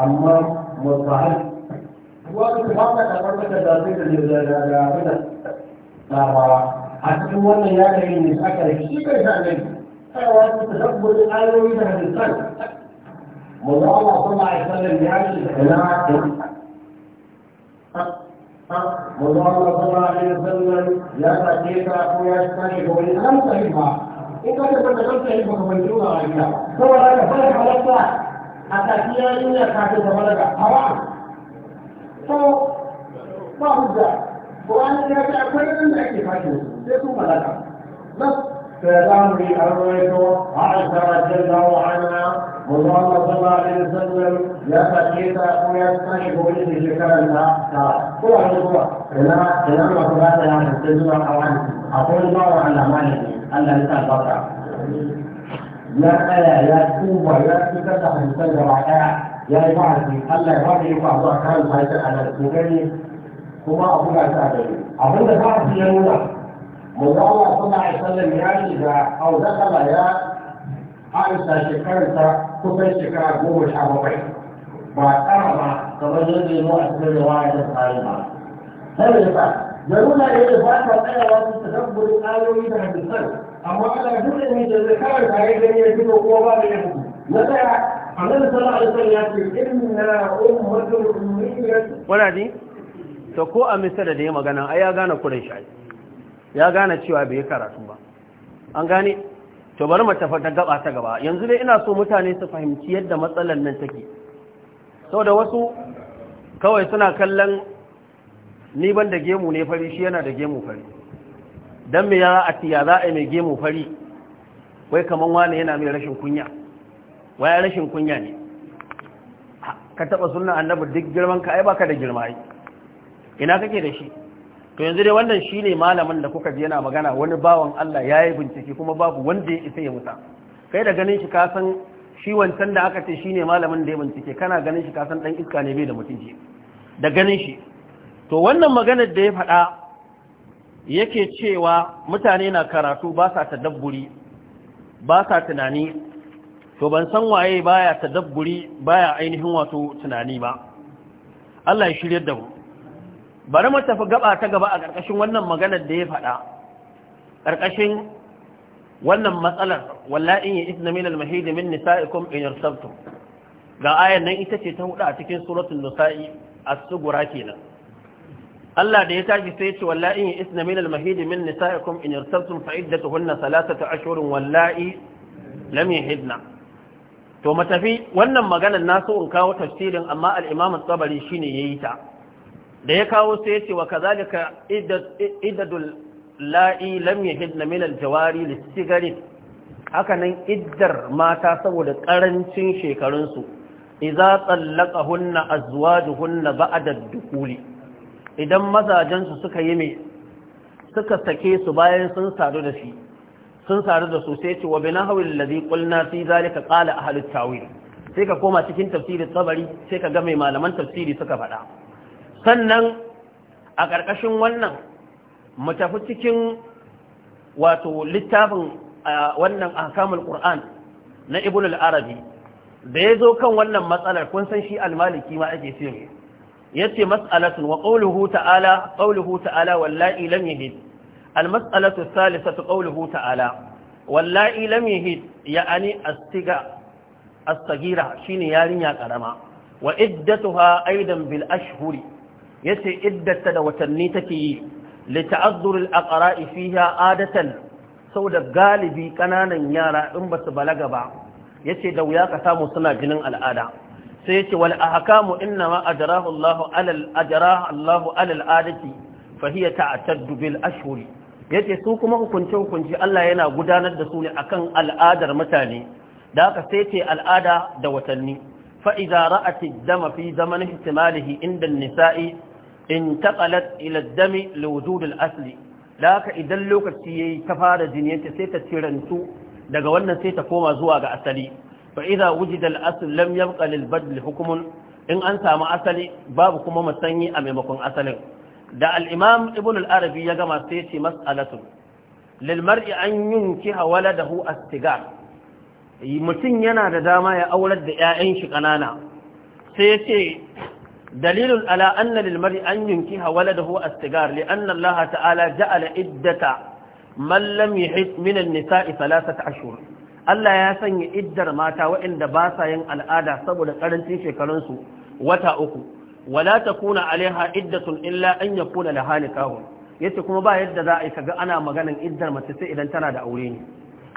amma mutahar wani ka da farko da zai da zafi da da da da ba a cikin wannan ya kai ne aka da shi kai da ne kaiwa su ta sabbin ayoyi da hadisan mu da Allah kuma ya sallar ya shi da والله صلى الله عليه وسلم لا تأتيك أو يشترك وإن لم تهمها إن كنت لم تهمك فمنجوما عليها سوى لك فرح لك أتأتيها إن يكاد فلك حرام سو ما هو ذا وأنا جاء كل من اكتفاته ليسوا ملكا بس فلان في أرويته عائشة رضي الله عنها والله صلى الله عليه وسلم لا تأتيك أو يشترك وإن شكرا لا kowa ne kowa ina ina masu ba ta yana sai zuwa kawai akwai bawa Allah ma ne Allah ya sa baka ya tsaya ya tuba ya fitar da hantar gaba daya ya yi ma'azi Allah ya bada yi faruwa kan fashin Allah ko gani kuma abu da ta gani abin da ba su ya nuna manzo Allah sallallahu alaihi wasallam ya shiga au dakala ya Aisha shekararsa kusan shekara goma sha bakwai ba tsara ba kamar yadda ya zo a cikin riwaya ta tsari ba sai da sa zaruna ne da ba ta tsayawa su tadabburin ayoyi da hadisan amma ana duk da ni da zakarar tare da ni da fito ko ba da yanzu na tsaya annabi sallallahu alaihi wasallam ya ce inna ummatul ummiyyah wala di to ko a misal da ya magana ai ya gane kurin shi ya gane cewa bai karatu ba an gane to bari mu tafi ta gaba ta gaba yanzu dai ina so mutane su fahimci yadda matsalar nan take saboda wasu kawai suna kallon ni ban da gemu ne fari shi yana da gemu fari don mai yara a tiya za a yi mai gemu fari wai kaman wane yana mai rashin kunya waya rashin kunya ne ka taɓa sunan annabi duk girman ka ai baka da girma ai ina kake da shi to yanzu dai wannan shine malamin da kuka ji yana magana wani bawan Allah yayi bincike kuma babu wanda ya isa ya musa kai da ganin shi ka san shi wancan da aka ce shi ne malamin da ya bincike kana ganin shi kasan ɗan iska ne bai da mutunci da ganin shi to wannan maganar da ya faɗa yake cewa mutane na karatu ba sa tadabburi ba sa tunani to ban san waye ba baya tadabburi ya ainihin wato tunani ba Allah ya shiryar da mu bari mu tafi gaba ta gaba a ƙarƙashin wannan maganar da ya faɗa ƙarƙashin wannan matsalar wallahi ya isna min al-mahid min nisa'ikum in yarsabtum ga ayan nan ita ce ta hudu a cikin suratul nisa'i as-sugura kenan Allah da ya tashi sai ya ce wallahi ya isna min al-mahid min nisa'ikum in yarsabtum fa iddatuhunna thalathatu ashhurin wallahi lam yahidna to matafi wannan maganar nasu in kawo tafsirin amma al-imam at-tabari shine yayi ta da ya kawo sai ya ce wa kazalika iddadul la'i lam yahidna min aljawari jawari lis iddar mata saboda karancin shekarunsu idza tsallaqahunna azwajuhunna ba'da ad-dukhuli idan mazajen su suka yi mai suka sake su bayan sun sadu da shi sun sadu da su sai ce wa binahu alladhi qulna fi zalika qala ahlut tawil sai ka koma cikin tafsirin tsabari sai ka ga mai malaman tafsiri suka faɗa sannan a ƙarƙashin wannan mu tafi cikin wato littafin wannan ahkamul qur'an na ibn al-arabi da yazo kan wannan matsalar kun san shi al-maliki ma ake cewa yace mas'alatun wa qawluhu ta'ala qawluhu ta'ala wallahi lam yahid al-mas'alatu ath-thalithatu qawluhu ta'ala wallahi lam yahid ya'ani astiga as shine yarinya karama wa iddatuha aidan bil ashhuri yace iddata da watanni take yi لتعذر الاقراء فيها عاده sau da galibi ƙananan yara in ba su balaga ba yace da wuya ka samu suna jinin al'ada sai yace wal ahkamu inna ma ajrahu Allah ala al ajrahu Allah ala al adati yace su kuma hukunci hukunci Allah yana gudanar da su ne akan al'adar mutane da haka sai yace al'ada da watanni fa idza ra'at ad-dama fi zamanihi timalihi inda nisai intaqalat ila ad-dami li wujud al-asli laka idan lokaci yayi ta fara jiniyanta sai ta tirantu daga wannan sai ta koma zuwa ga asali fa idza wujida al-asl lam yabqa lil-badl hukmun in an samu asali babu kuma musanyi a maimakon asalin da al-imam ibn al-arabi ya gama sai ce mas'alatu lil mar'i an yunkiha waladahu astigar mutum yana da dama ya aurar da 'ya'yan shi kanana sai ya ce Dalilin ala anna lil mar'i an yunkiha waladahu astigar li ta'ala ja'ala iddata man lam yuhit min an-nisa'i thalathata ashhur Allah ya sanya iddar mata waɗanda ba sa yin al'ada saboda karancin shekarunsu wata uku wala takuna alaiha iddatun illa an yakuna laha nikahun yace kuma ba yadda za a yi kaga ana maganan iddar mace sai idan tana da aure ne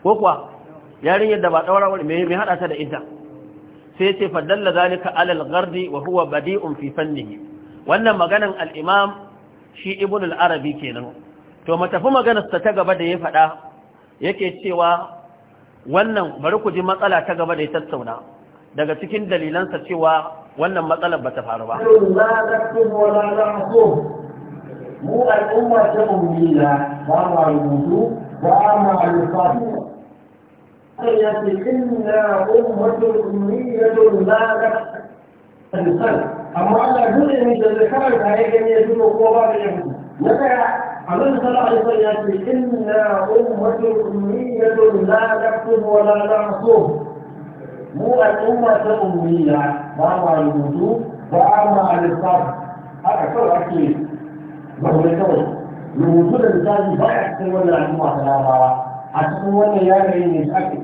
ko kuwa yarinyar da ba daura me me hada ta da idda sai ce fadalla zalika alal ghardi wa huwa badi'un fi fannihi wannan maganan al-imam shi ibn al-arabi kenan to matafi maganar sa ta gaba da ya faɗa yake cewa wannan bari ku ji matsala ta gaba da ya tattauna daga cikin dalilansa cewa wannan matsalar ba ta faru ba mu al'umma ta mummina ba ma rubutu ba ma alfahari إنا أمة أمية ما لك الإنسان أما أن جزء من الذكر عليك أن يكون قوة بالعلم نفع عمل صلى الله عليه وسلم إنا أمة أمية لا نكتب ولا نعصوه مو الأمة أمية ما مع الوجود وما a cikin wannan yanayi ne ake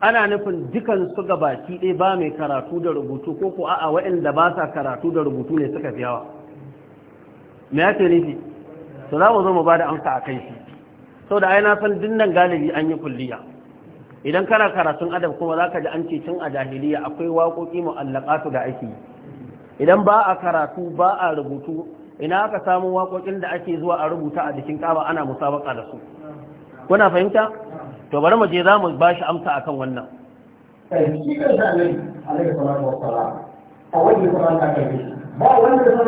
ana nufin dukan su baki ɗaya ba mai karatu da rubutu ko ko a'a waɗanda ba sa karatu da rubutu ne suka fi yawa me yake nufi to za mu zo mu ba da amsa a kai shi sau da ai na san dinnan galibi an yi kulliya idan kana karatun adab kuma za ka ji an ce tun a jahiliya akwai waƙoƙi mu'allaqatu da ake idan ba a karatu ba a rubutu ina aka samu waƙoƙin da ake zuwa a rubuta a jikin kaba ana musabaka da su kuna fahimta to bari mu je za mu ba shi amsa akan wannan eh, a kuma ba wanda da ta ba wanda da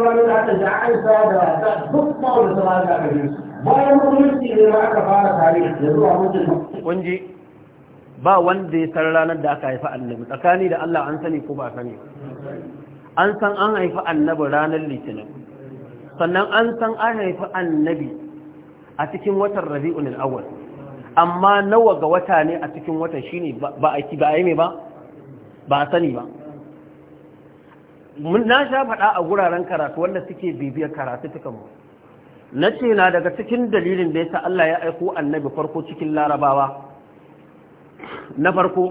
bayan ne ma aka fara da ba wanda ya san ranar da aka haifi annabi tsakani da Allah an sani ko ba sani an san an haifi annabi ranar litinin sannan an san an haifi annabi a cikin watan rabi'un al amma nawa ga wata ne a cikin watan shine ba a ba a ba ba a sani ba na sha faɗa a wuraren karatu wanda suke bibiyar karatu mu na ce na daga cikin dalilin da ya yasa Allah ya aiko annabi farko cikin larabawa na farko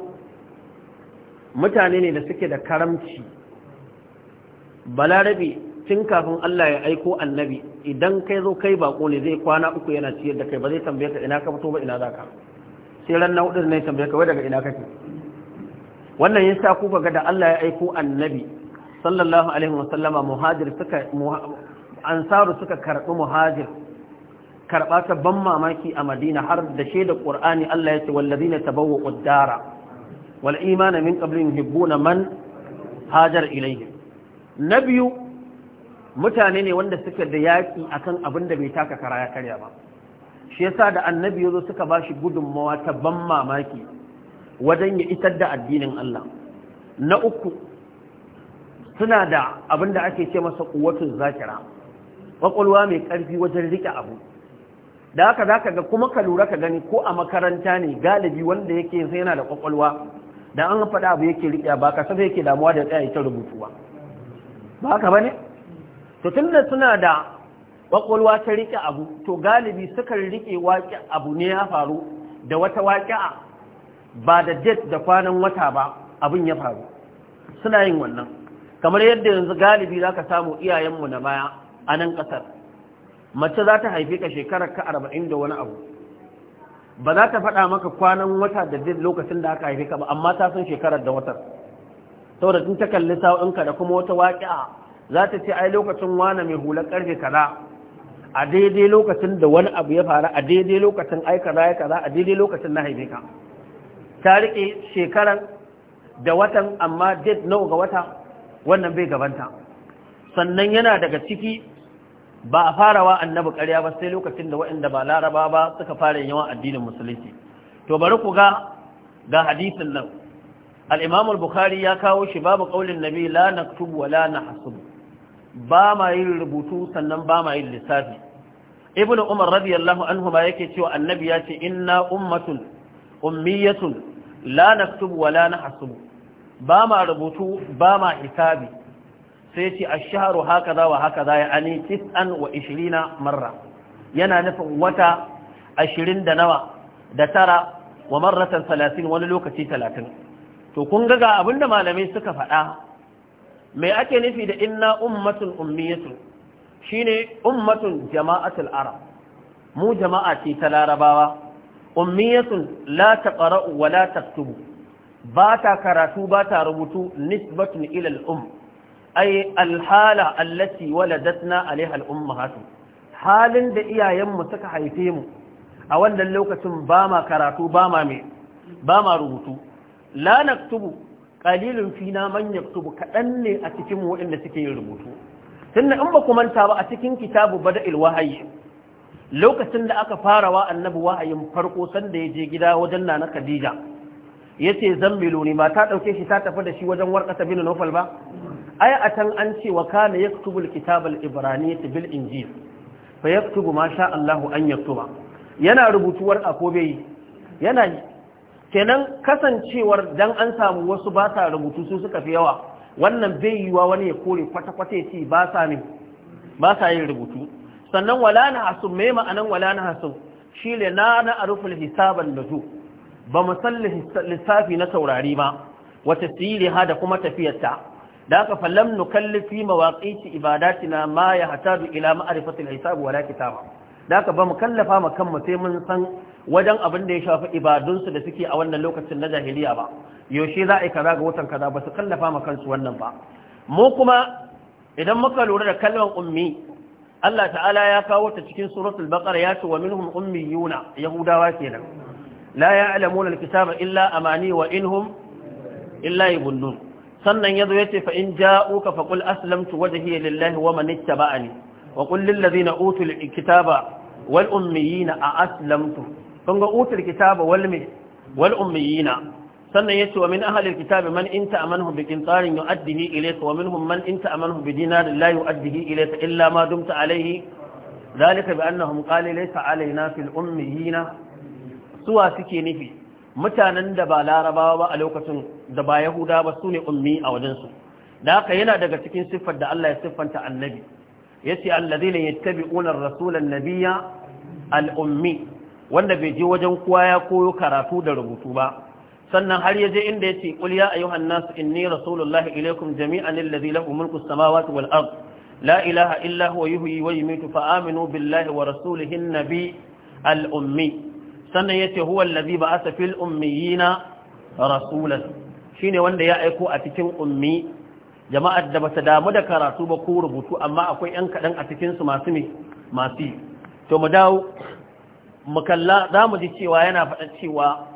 mutane ne da suke da karamci balarabe tun kafin Allah ya aiko annabi idan kai zo kai bako ne zai kwana uku yana ciyar da kai ba zai tambaye ka ina ka fito ba ina za ka sai ranar na hudu ne tambaye ka wai daga ina kake wannan ya sa kuka ga da Allah ya aiko annabi sallallahu alaihi wa sallama muhajir suka ansaru suka karbi muhajir karba ta ban mamaki a Madina har da shaida Qur'ani Allah ya ce wallazina tabawwa'u dara wal imana min qablihim yuhibbuna man hajar ilayhim biyu. mutane ne wanda suke da yaƙi a kan abin da bai taka kara ya karya ba shi yasa da annabi ya zo suka ba shi gudunmawa ta ban mamaki wajen ya isar da addinin Allah na uku suna da abin da ake ce masa kuwatun zakira kwakwalwa mai ƙarfi wajen riƙe abu da haka za ka ga kuma ka lura ka gani ko a makaranta ne galibi wanda yake yana da kwakwalwa da an faɗa abu yake riƙe ba ka yake damuwa da tsaye ta rubutuwa ba ka ba ne to tunda suna da kwakwalwa ta rike abu to galibi sukan riƙe waƙi abu ne ya faru da wata waƙi'a ba da date da kwanan wata ba abin ya faru suna yin wannan kamar yadda yanzu galibi za ka samu iyayenmu na baya a nan ƙasar mace za ta haife ka shekarar ka arba'in da wani abu ba za ta faɗa maka kwanan wata da date lokacin da aka haifi ka ba amma ta san shekarar da watar saboda tun ta kalli sa'o'inka da kuma wata waƙi'a za ta ce ai lokacin wane mai hula karfe kaza a daidai lokacin da wani abu ya faru a daidai lokacin ai kaza ya kaza a daidai lokacin na haife ka ta rike shekaran da watan amma date nawa ga wata wannan bai gabanta sannan yana daga ciki ba a farawa annabi ƙarya ba sai lokacin da waɗanda ba laraba ba suka fara yawan addinin musulunci to bari ku ga ga hadisin nan al-imam al-bukhari ya kawo shi babu qaulin nabi la naktubu wa la nahsub ba ma yin rubutu sannan ba ma yin lissafi ibnu umar radiyallahu anhu ma yake cewa annabi ya ce inna ummatun ummiyatun la naktubu wa la nahsubu ba ma rubutu ba ma hisabi sai ce ash-shahru hakaza wa hakaza ya ani ishirina marra yana nufin wata ashirin da nawa da tara wa marratan 30 wani lokaci talatin. to kun ga ga abinda malamai suka faɗa Mai ake nufi da inna ummatun ummiyatu shine ummatun jama'atul arab mu jama'a ce ta larabawa ummiyatun la taqra'u wa la taktubu ba ta karatu ba ta rubutu nisbatun ila al-umm ay al-hala allati waladatna alaiha al-ummahatu halin da iyayenmu suka haife mu a wannan lokacin ba ma karatu ba ma me ba ma rubutu la naktubu qalilun fina man yaktubu kadan ne a cikin mu waɗanda suke yin rubutu tunda in ba ku manta ba a cikin kitabu bada'il wahayi lokacin da aka fara wa annabi wahayin farko sanda ya je gida wajen nana Khadija yace zambilu ne ba ta dauke shi ta tafi da shi wajen warqata bin Nufal ba ai a tan an ce wa kana yaktubu alkitab alibraniyyah bil injil fa yaktubu ma sha Allah an yaktuba yana rubutuwar akobe yana kenan kasancewar dan an samu wasu ba sa rubutu su suka fi yawa wannan bai yiwa wani ya kore kwata-kwata ce ba sa ne ba sa yin rubutu sannan wala na hasu mai ma'anan wala na hasu shi ne na na rufin hisabar da zu ba san lissafi na taurari ba wata tsiri ha da kuma tafiyarta da aka fallam nu fi mawaƙici ibadatina ma ya hata ila ma'arifatul hisabu wala kitaba da aka ba mu kallafa ma kanmu sai mun san wajen abin da ya shafi ibadunsu da suke a wannan lokacin na jahiliya ba yaushe za a yi kaza ga watan kaza ba su kallafa ma kansu wannan ba mu kuma idan muka lura da kalmar ummi Allah ta'ala ya kawo ta cikin suratul baqara ya ce wa minhum ummiyuna yahudawa kenan la ya'lamuna alkitaba illa amani wa inhum illa yabunnun sannan yazo yace fa in ja'uka fa qul aslamtu wajhiya lillahi wa man ittaba'ani wa qul lil ladina utul kitaba wal ummiyina a kun ga utul kitaba wal ummiyina sannan yace wa min ahalin alkitabi man in ta'amanhu bi qintarin yu'addihi ilayka wa minhum man in ta'amanhu bi dinarin la yu'addihi ilayka illa ma dumta alayhi ذلك بأنهم قالوا ليس علينا في الأميين suwa suke nufi mutanen da ba larabawa ba a lokacin da ba yahuda ba su ne ummi a wajensu da haka yana daga cikin siffar da Allah ya siffanta annabi ya ce allazi ne ya tabi unar rasulan nabiya al'ummi wanda bai je wajen kowa ya koyo karatu da rubutu ba sannan har ya je inda ya ce qul ya ayyuhan nas inni rasulullahi ilaykum jami'an alladhi lahu mulku samawati wal ard la ilaha illa huwa yuhyi wa yumiitu fa aminu billahi wa rasulihi an-nabi al-ummi sannan yace huwa alladhi ba'atha fil ummiyina rasulan shine wanda ya aiko a cikin ummi jama'ar da bata damu da karatu ba ko rubutu amma akwai yan kadan a cikin su masu ne masu to mu dawo mukalla za mu ji cewa yana faɗa cewa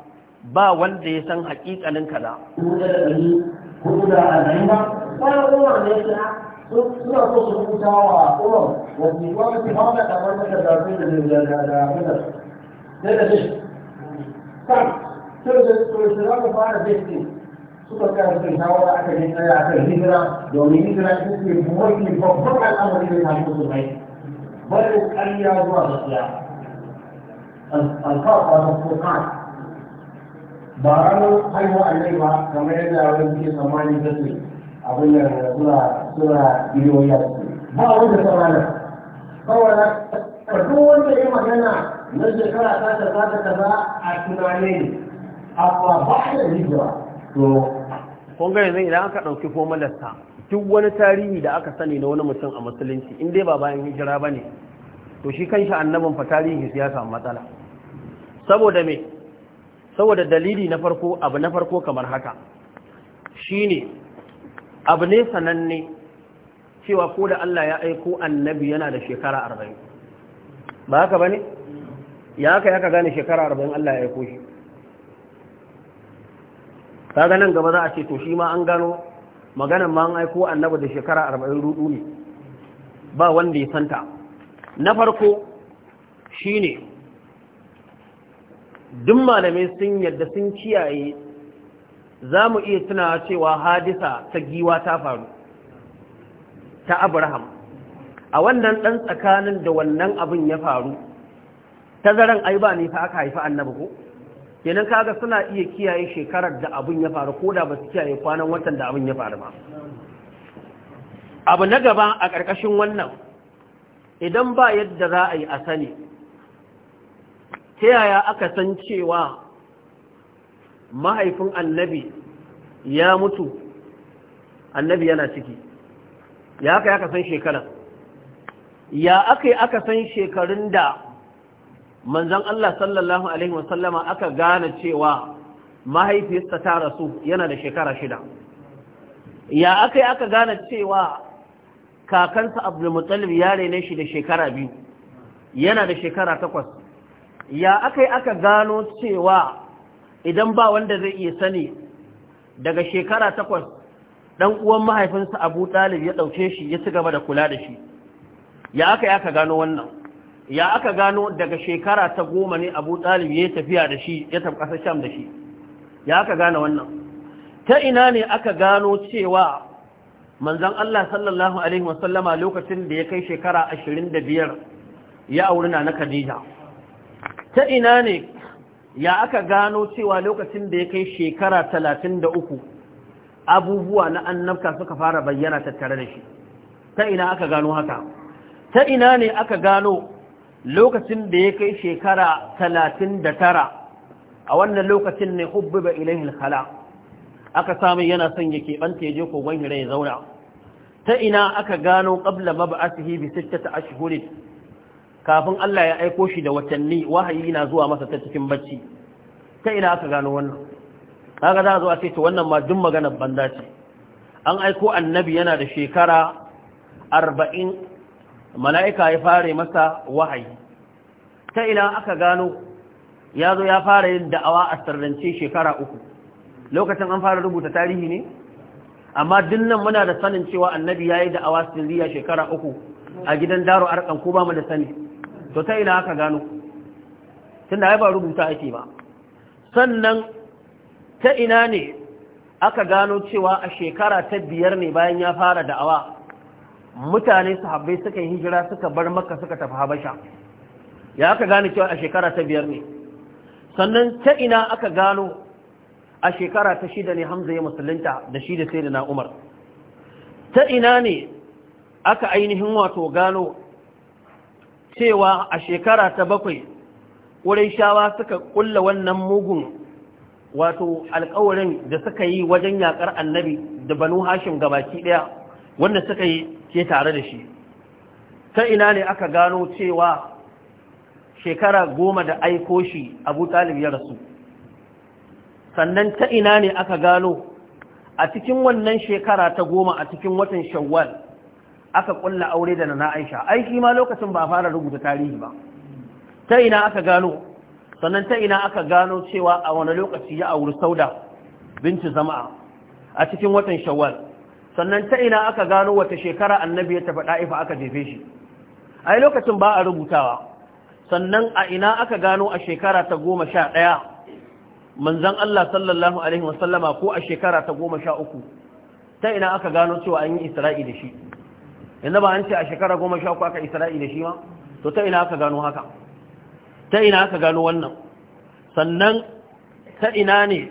ba wanda ya san haƙiƙanin kaza suka kara sun shawara aka yi tsaya akan hijira domin hijira ita ce mafi babban al'amari da ya shafi musulmai barin ƙarya zuwa gaskiya alfafa mafukat ba ranar kamar yadda da suna ba ya magana na kun ga yanzu idan aka ɗauki formularsa duk wani tarihi da aka sani na wani mutum a musulunci in dai ba bayan hijira ba ne to shi kanshi annabin fa tarihi ya samu matsala saboda me saboda dalili na farko abu na farko kamar haka shine abu ne sananne cewa ko da Allah ya aiko annabi yana da shekara arba'in. ba haka ba ne? ya haka ya ka gane shekara arba'in Allah ya aiko shi ga nan gaba za a ce to shi ma an gano maganan ma an aiko annabi da shekara arba'in rudu ne ba wanda ya santa na farko shine duk malamai sun yadda sun kiyaye za mu iya tuna cewa hadisa ta giwa ta faru ta abraham a wannan ɗan tsakanin da wannan abin ya faru zaren ai ba ne fa aka haifi annabi ko kenan kaga suna iya kiyaye shekarar da abin ya faru ko da ba su kiyaye kwanan watan da abin ya faru ba abu na gaba a ƙarƙashin wannan idan ba yadda za a yi a sani ta yaya aka san cewa mahaifin annabi ya mutu annabi yana ciki ya aka aka san shekara ya aka aka san shekarun da manzan Allah sallallahu alaihi wasallama aka gane cewa mahaifiyarsa ta rasu yana da shekara shida ya aka yi aka gane cewa kakansa abdulmutallib ya rene shi da shekara biyu yana da shekara takwas ya aka yi aka gano cewa idan ba wanda zai iya sani daga shekara takwas ɗan uwan mahaifinsa abu ɗalib ya ɗauke shi ya ci gaba da kula da shi ya aka yi aka gano wannan ya aka gano daga shekara ta goma ne abu ɗalib ya tafiya da shi ya tafi ƙasar sham da shi ya aka gane wannan ta ina ne aka gano cewa manzan Allah sallallahu Alaihi wasallama lokacin da ya kai shekara ashirin da biyar ya auri na na Khadija ta ina ne ya aka gano cewa lokacin da ya kai shekara talatin da uku abubuwa na annabka suka fara bayyana tattare da shi ta ina aka gano haka ta ina ne aka gano lokacin da ya kai shekara talatin da tara a wannan lokacin ne ba ilayhil khala aka samun yana son ya keɓanta ya je kogon hira ya zauna ta ina aka gano ƙabla maba'asihi bi ta ashhurin kafin Allah ya aiko shi da watanni wahayi na zuwa masa ta cikin bacci ta ina aka gano wannan kaga za a zo a ce to wannan ma duk maganar banda ce an aiko annabi yana da shekara arba'in mala'ika ya fare masa wahayi ta ina aka gano ya zo ya fara yin da'awa a sarrance shekara uku lokacin an fara rubuta tarihi ne amma duk nan muna da sanin cewa annabi ya yi da'awa sirriya shekara uku a gidan daro arkan ko ba mu da sani to ta ina aka gano tunda ai ba rubuta ake ba sannan ta ina ne aka gano cewa a shekara ta biyar ne bayan ya fara da'awa mutane sahabbai suka yi hijira suka bar maka suka tafi habasha ya aka gane cewa a shekara ta biyar ne sannan ta ina aka gano a shekara ta shida ne hamza ya musulunta da shida sai da na umar ta ina ne aka ainihin wato gano cewa a shekara ta bakwai shawa suka ƙulla wannan mugun wato alƙawarin da suka yi wajen yaƙar annabi da banu hashim gabaki ɗaya wanda suka yi ke tare da shi ta ina ne aka gano cewa shekara goma da aiko shi abu talib ya rasu sannan ta ina ne aka gano a cikin wannan shekara ta goma a cikin watan shawwal aka kulla aure da na aisha ai shi ma lokacin ba fara rubuta tarihi ba ta ina aka gano sannan ta ina aka gano cewa a wani lokaci ya auri sauda binci zama'a a cikin watan shawwal sannan ta ina aka gano wata shekara annabi ya tafi da'ifa aka jefe shi ai lokacin ba a rubutawa sannan a ina aka gano a shekara ta goma sha ɗaya manzan Allah sallallahu Alaihi wasallama ko a shekara ta goma sha uku ta ina aka gano cewa an yi isra'i da shi inda ba an ce a shekara goma sha uku aka isra'i da shi ma to ta ina aka gano haka ta ina aka gano wannan sannan ta ina ne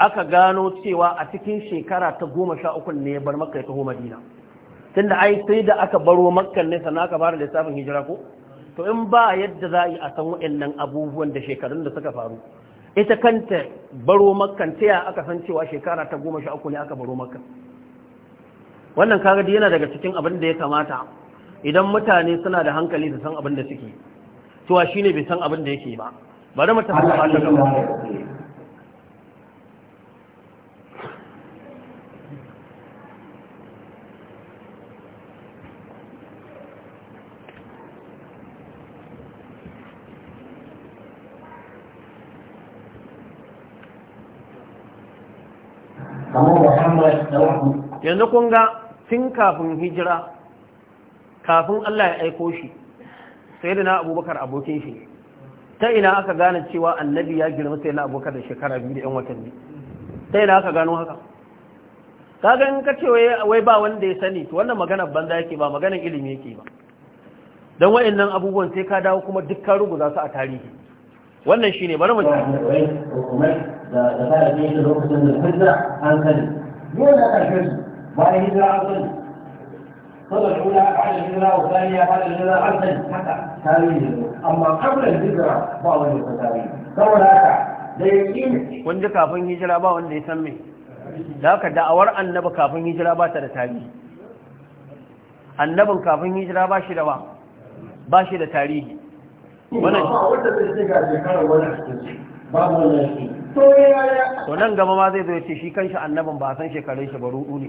aka gano cewa a cikin shekara ta goma sha uku ne ya bar makka ya taho madina tun da ai sai da aka baro makkan ne sannan aka fara lissafin hijira ko to in ba yadda za a yi a san wa'annan abubuwan da shekarun da suka faru ita kanta baro makkan ta ya aka san cewa shekara ta goma sha uku ne aka baro makkan wannan kaga yana daga cikin abin da ya kamata idan mutane suna da hankali su san abin da suke shi shine bai san abin da yake ba bari mu tafi ba ta gaba yanzu kun ga tun kafin hijira kafin Allah ya aiko shi sai da na abubakar abokin shi ta ina aka gane cewa annabi ya girma sai na abubakar da shekara biyu da 'yan watanni ta ina aka gano haka Ka in ka ce wai ba wanda ya sani to wannan maganar banza yake ba maganar ilimi yake ba don wa'annan abubuwan sai ka dawo kuma duk karugu za su a tarihi wannan shi ne bari mu da da fara ne lokacin da an kare yau da karshe وهي هجرة عبدا صلى الأولى بعد الهجرة والثانية بعد الهجرة عبدا حتى تاويل أما قبل الهجرة بعض المتساويين سوى da yakin kun kafin hijira ba wanda ya san me da haka da'awar annabi kafin hijira ba ta da tarihi annabin kafin hijira ba shi da ba ba shi da tarihi wannan wanda zai shiga shekarar wannan babu wannan shi to nan gaba ma zai zo ya ce shi kanshi annabin ba san shekarun shi ba ruɗu ne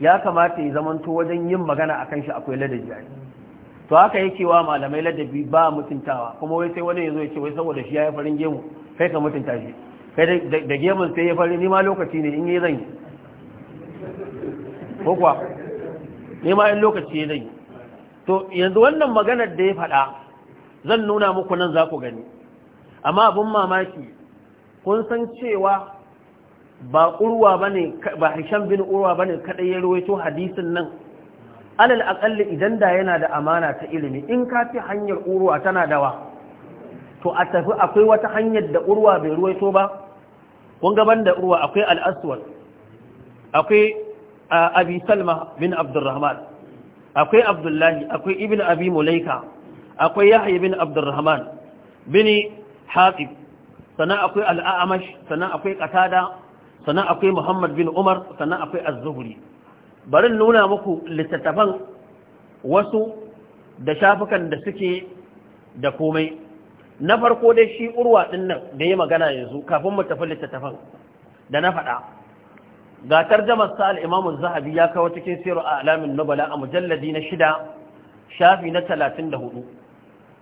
ya kamata ya zamanto wajen yin magana a shi akwai ladabi a to haka yake wa malamai ladabi ba mutuntawa kuma wai sai wani ya zo ya ce wai saboda shi yi farin gemu kai ka mutunta shi kai da gemun sai ya farin ni ma lokaci ne in yi zan yi ko kuwa ni ma in lokaci ya zan yi to yanzu wannan maganar da ya faɗa zan nuna muku nan za ku gani amma abin mamaki kun san cewa ba urwa bane ba hisham bin urwa bane kadai ya ruwaito hadisin nan alal aqalli idan da yana da amana ta ilimi in ka fi hanyar urwa tana dawa to a tafi akwai wata hanyar da urwa bai ruwaito ba kun ga da urwa akwai al-aswad akwai abi salma bin abdurrahman akwai abdullahi akwai ibn abi mulaika akwai yahya bin abdurrahman Bini hatib sana akwai al-a'mash sana akwai qatada sannan akwai muhammad bin umar sannan akwai azzuhuri Barin nuna muku littattafan wasu da shafukan da suke da komai na farko dai shi urwa din nan da ya magana yanzu kafin mu tafi littattafan da na faɗa ga tarjamar sa al zahabi ya kawo cikin siru a alamin nubala a mujalladi na shida shafi na talatin da hudu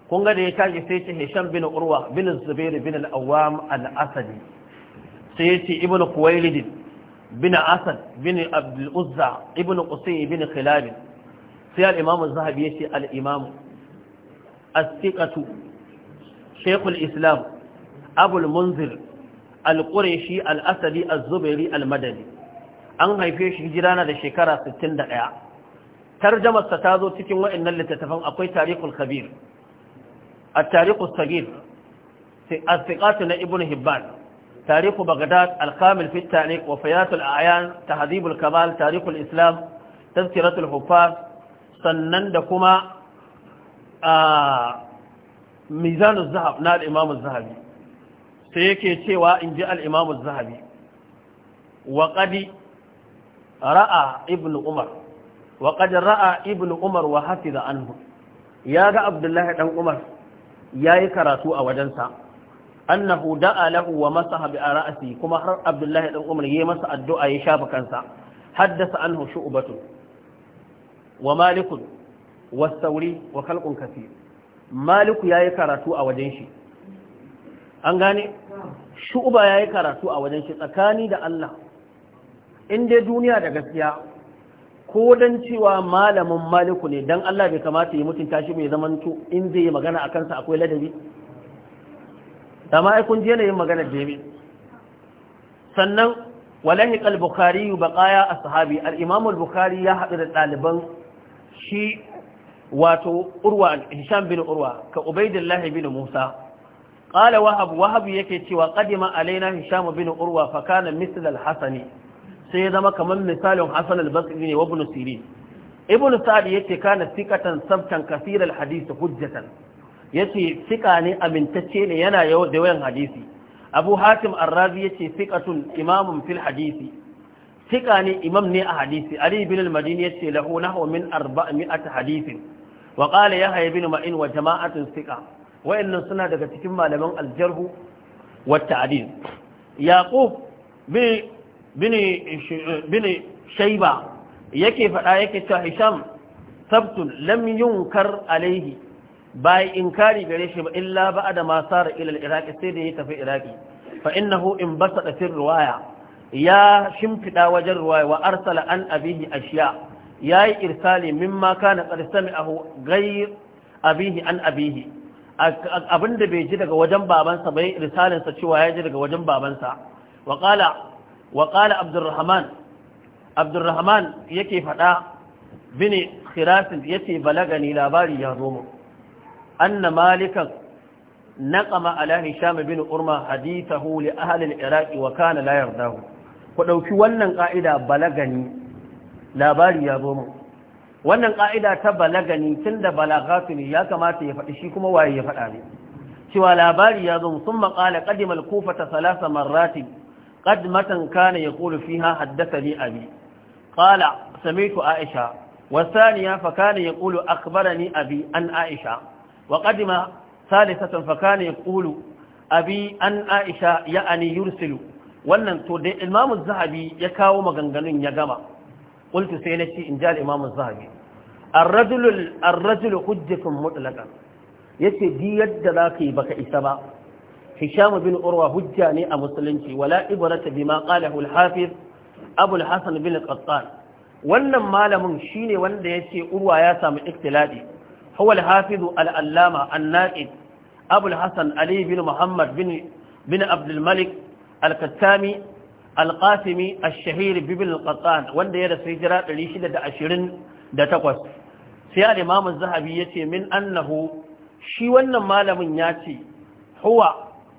kun ga da ya kaji sai ce hisham bin urwa bin zubair bin al-awwam sai yace ibn khuwailid bin asad bin abdul uzza ibn qusay bin khilab sai al-imam az-zahabi yace al-imam as-siqatu islam abul munzir al-qurashi al-asadi az-zubairi al-madani an haife shi hijira na da shekara 61 tarjumarsa ta zo cikin wa'annan littattafan akwai tarihul kabir at-tarihus sagir sai as-siqatu na ibn hibban تاريخ بغداد الكامل في التاريخ وفيات الأعيان تهذيب الكمال تاريخ الإسلام تذكرة الحفاظ سنندكما آه ميزان الذهب نال الإمام الذهبي سيكي سوى إن جاء الإمام الذهبي وقد رأى ابن عمر وقد رأى ابن عمر وحفظ عنه يا عبد الله بن عمر يا كراتو أوجنسا annahu da'a lahu wa masaha bi ra'si kuma har abdullahi dan umar yayi masa addu'a ya shafa kansa haddasa anhu shu'batu wa malik wa sauri wa khalqun kathir malik yayi karatu a wajen shi an gane shu'ba yayi karatu a wajen shi tsakani da Allah in dai duniya da gaskiya ko dan cewa malamin maliku ne dan Allah bai kamata ya mutunta shi mai zamanto in zai yi magana a kansa akwai ladabi amma ai kun je yin magana da sannan walahi al-bukhari baqaya ashabi al-imam al-bukhari ya hadu da daliban shi wato urwa hisham bin urwa ka ubaidillah bin musa qala wahab wahab yake cewa qadima alaina hisham bin urwa fa kana misl al-hasan sai ya zama kaman misalin hasan al-basri ne wa ibn sirin ibn sa'd yake kana thiqatan sabtan kaseer al-hadith hujjatan yace fiqa ne amintacce ne yana da wayan hadisi abu hatim arrazi yace fiqatun imamun fil hadisi fiqa ne imam ne a hadisi ali ibn al-madini yace lahu nahwa min 400 hadisin wa qala yahya ibn ma'in wa jama'atun fiqa wa'annan suna daga cikin malaman al-jarh wa ta'dil yaqub bin bin shayba yake fada yake cewa hisham sabtun lam yunkar alaihi bai inkari gare shi ba illa ba da sara ra al iraki sai da ya tafi iraki fa innahu in basada fi ruwaya ya shimfiɗa wajen ruwaya wa arsala an abihi ya yayi irsali mimma kana qad sami'ahu ghayr abihi an abihi abinda bai ji daga wajen babansa bai risalin sa cewa ya ji daga wajen babansa wa waƙala wa ya abdurrahman abdurrahman yake fada bini khirasin balaga ni labari ya zo mu anna malikan naqama ala hisham bin urma hadithahu li ahli al-iraq wa kana la yardahu ku dauki wannan ka'ida balagani labari ya zo wannan ka'ida ta balagani tunda balagatu ne ya kamata ya faɗi shi kuma waye ya faɗa ne cewa labari ya zo sun maƙala ƙadimal kufa ta salasa marrati ƙadmatan kana ya ƙulu fiha haddasa ni abi قال سميت ya والثانية فكان يقول a bi an Aisha. وقدم ثالثة فكان يقول أبي أن عائشة يعني يرسل wannan to dai imamu zahabi ya kawo maganganun ya gama qultu sai nace in ji al-imamu zahabi ar-rajul ar-rajul hujjatun mutlaqan yace di yadda zaka yi baka isa ba hisham bin urwa hujja ne a musulunci wala ibrata bima qalahu al-hafiz abu al-hasan bin al-qattan wannan malamin shine wanda yace urwa ya samu iktiladi هو الحافظ الألامة النائب أبو الحسن علي بن محمد بن, بن عبد الملك الكتامي القاسمي الشهير ببن القطان وان دي رسي جراء لشدة دا عشرين دا تقوس سيال إمام الزهبي من أنه شي وانا مال من ياتي هو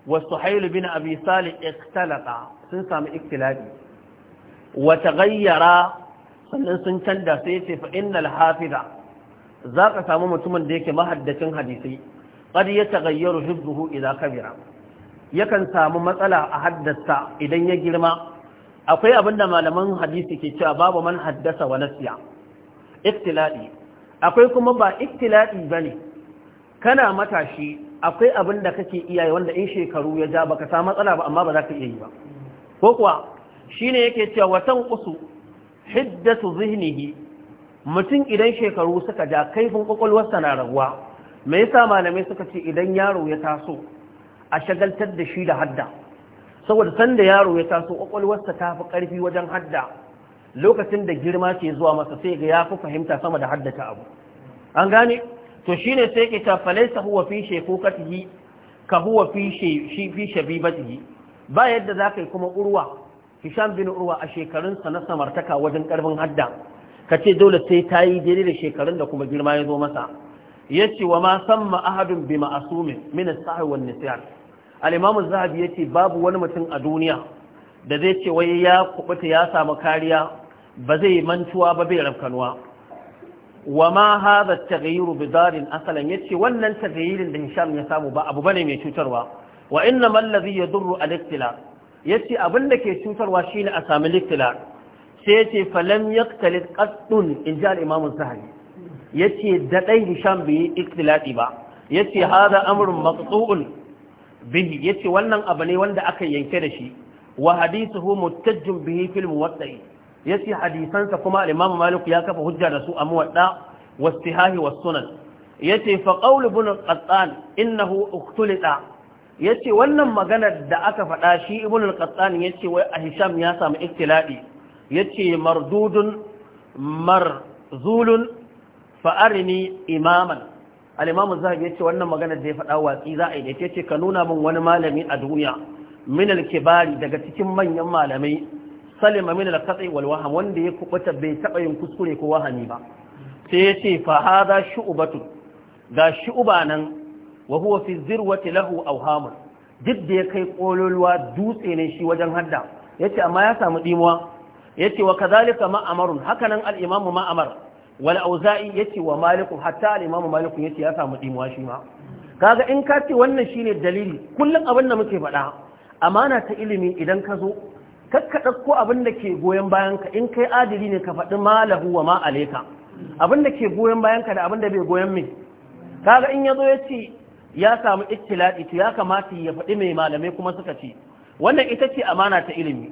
وسحيل بن أبي صالح اختلطا سنسام اختلاقي وتغيرا sannan sun canza sai ya ce fa innal hafiza za ka samu mutumin da yake mahaddacin hadisai ya yataghayyaru hifdhuhu ka kabira yakan samu matsala a haddasa idan ya girma akwai abinda malaman hadisi ke cewa babu man haddasa wa nasiya iktiladi akwai kuma ba iktiladi bane kana matashi akwai abinda da kake iyaye wanda in shekaru ya ja baka samu matsala ba amma ba za ka iya yi ba ko kuwa shine yake cewa watan qusu hiddatu zihnihi mutum idan shekaru suka ja kaifin kwakwalwarsa na raguwa mai yasa malamai suka ce idan yaro ya taso a shagaltar da shi da hadda saboda sanda yaro ya taso kwakwalwarsa ta fi karfi wajen hadda lokacin da girma ke zuwa masa sai ga ya fi fahimta sama da haddata abu an gane to shine sai ke ta falaisa huwa fi shekukatihi ka huwa fi shi fi shabibatihi ba yadda za ka yi kuma urwa hisham bin urwa a shekarunsa na samartaka wajen karfin hadda ka ce dole sai ta yi daidai da shekarun da kuma girma ya zo masa ya ce wa ma san ma'ahadun bi ma'asumin min sahi nisyan al-imamu zahabi yace babu wani mutum a duniya da zai ce wai ya kubuta ya samu kariya ba zai mantuwa ba bai rafkanuwa wa ma hadha at-taghayyur bi darin asalan yace wannan taghayyirin da Hisham ya samu ba abu bane mai cutarwa wa innamal ladhi yadurru al-ikhtilaf yace abin da ke cutarwa shine a sami ikhtilaf sai yace falam yaktalit qaddun in ji al yace da hisham bai ikilaɗi ba yace hada amurin maqtu'un bihi yace wannan abu ne wanda aka yanke da shi wa hadithuhu muttajjun bihi fil muwatta'i yace hadisansa kuma al-imam malik ya kafa hujja da su a wasu wastihahi wasu sunan yace fa qawl ibn qattan innahu uktulita yace wannan maganar da aka faɗa shi ibn al-qattan yace wai hisham ya samu ikilaɗi. yace mardudun marzulun fa'arini imaman al-imamu zahabi yace wannan magana da ya faɗa watsi za a yi da yace ka nuna min wani malami a duniya min al-kibari daga cikin manyan malamai salima min al-qat'i wal waham wanda ya kubuta bai taba yin kuskure ko wahami ba sai yace fa hadha shu'batu ga shu'ba nan wa huwa fi zirwati lahu awhamun duk da ya kai kololuwa dutse ne shi wajen hadda yace amma ya samu dimuwa yake wa kadhalika ma'amarun hakanan al-imam ma'amar wal auza'i yake wa maliku hatta al imamu maliku yake ya samu dimuwa shi ma kaga in ka ce wannan shine dalili kullum abin da muke faɗa amana ta ilimi idan ka zo kakka dauko abin da ke goyon bayan ka in kai adili ne ka faɗi malahu wa ma alayka abin da ke goyon bayan ka da abin da bai goyon mai kaga in yazo ya ya samu ikhtilati to ya kamata ya faɗi mai malamai kuma suka ce wannan ita ce amana ta ilimi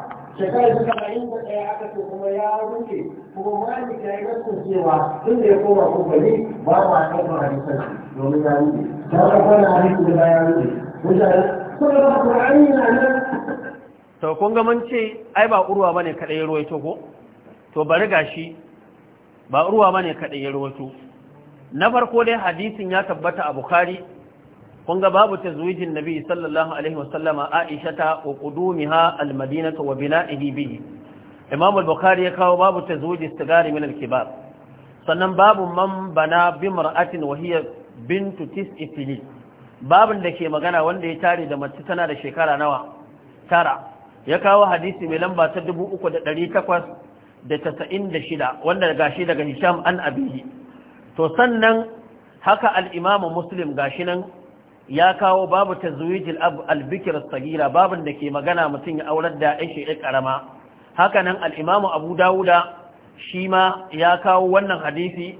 shekarar da tamanin da ya aka ce kuma ya wuce kuma malik ya yi rasin cewa tun da ya koma kubali ba ma ɗaukar hadisan domin ya wuce ta ɗaukar hadisan da ba ya wuce mutane kuma ba ƙur'ani na nan to kun ga mun ce ai ba urwa bane kada ya ruwaito ko to bari gashi ba urwa bane kada ya ruwaito na farko dai hadisin ya tabbata a bukhari kun ga babu zuwijin nabi sallallahu alaihi wasallama aisha ta wa Almadina almadinatu wa bina bihi imam al-bukhari ya kawo babu tazwij gari min al sannan babu man bana bi mar'atin wa hiya bintu ifili babin da ke magana wanda ya tare da mace tana da shekara nawa tara ya kawo hadisi mai lamba ta dubu uku da da da takwas shida, wanda gashi daga hisham an abihi to sannan haka al-imamu muslim gashi nan ya kawo babu tazwijil albikir sagira babin da ke magana mutum ya aurar da ya shi ƙarama hakanan al abu dawuda shi ma ya kawo wannan hadisi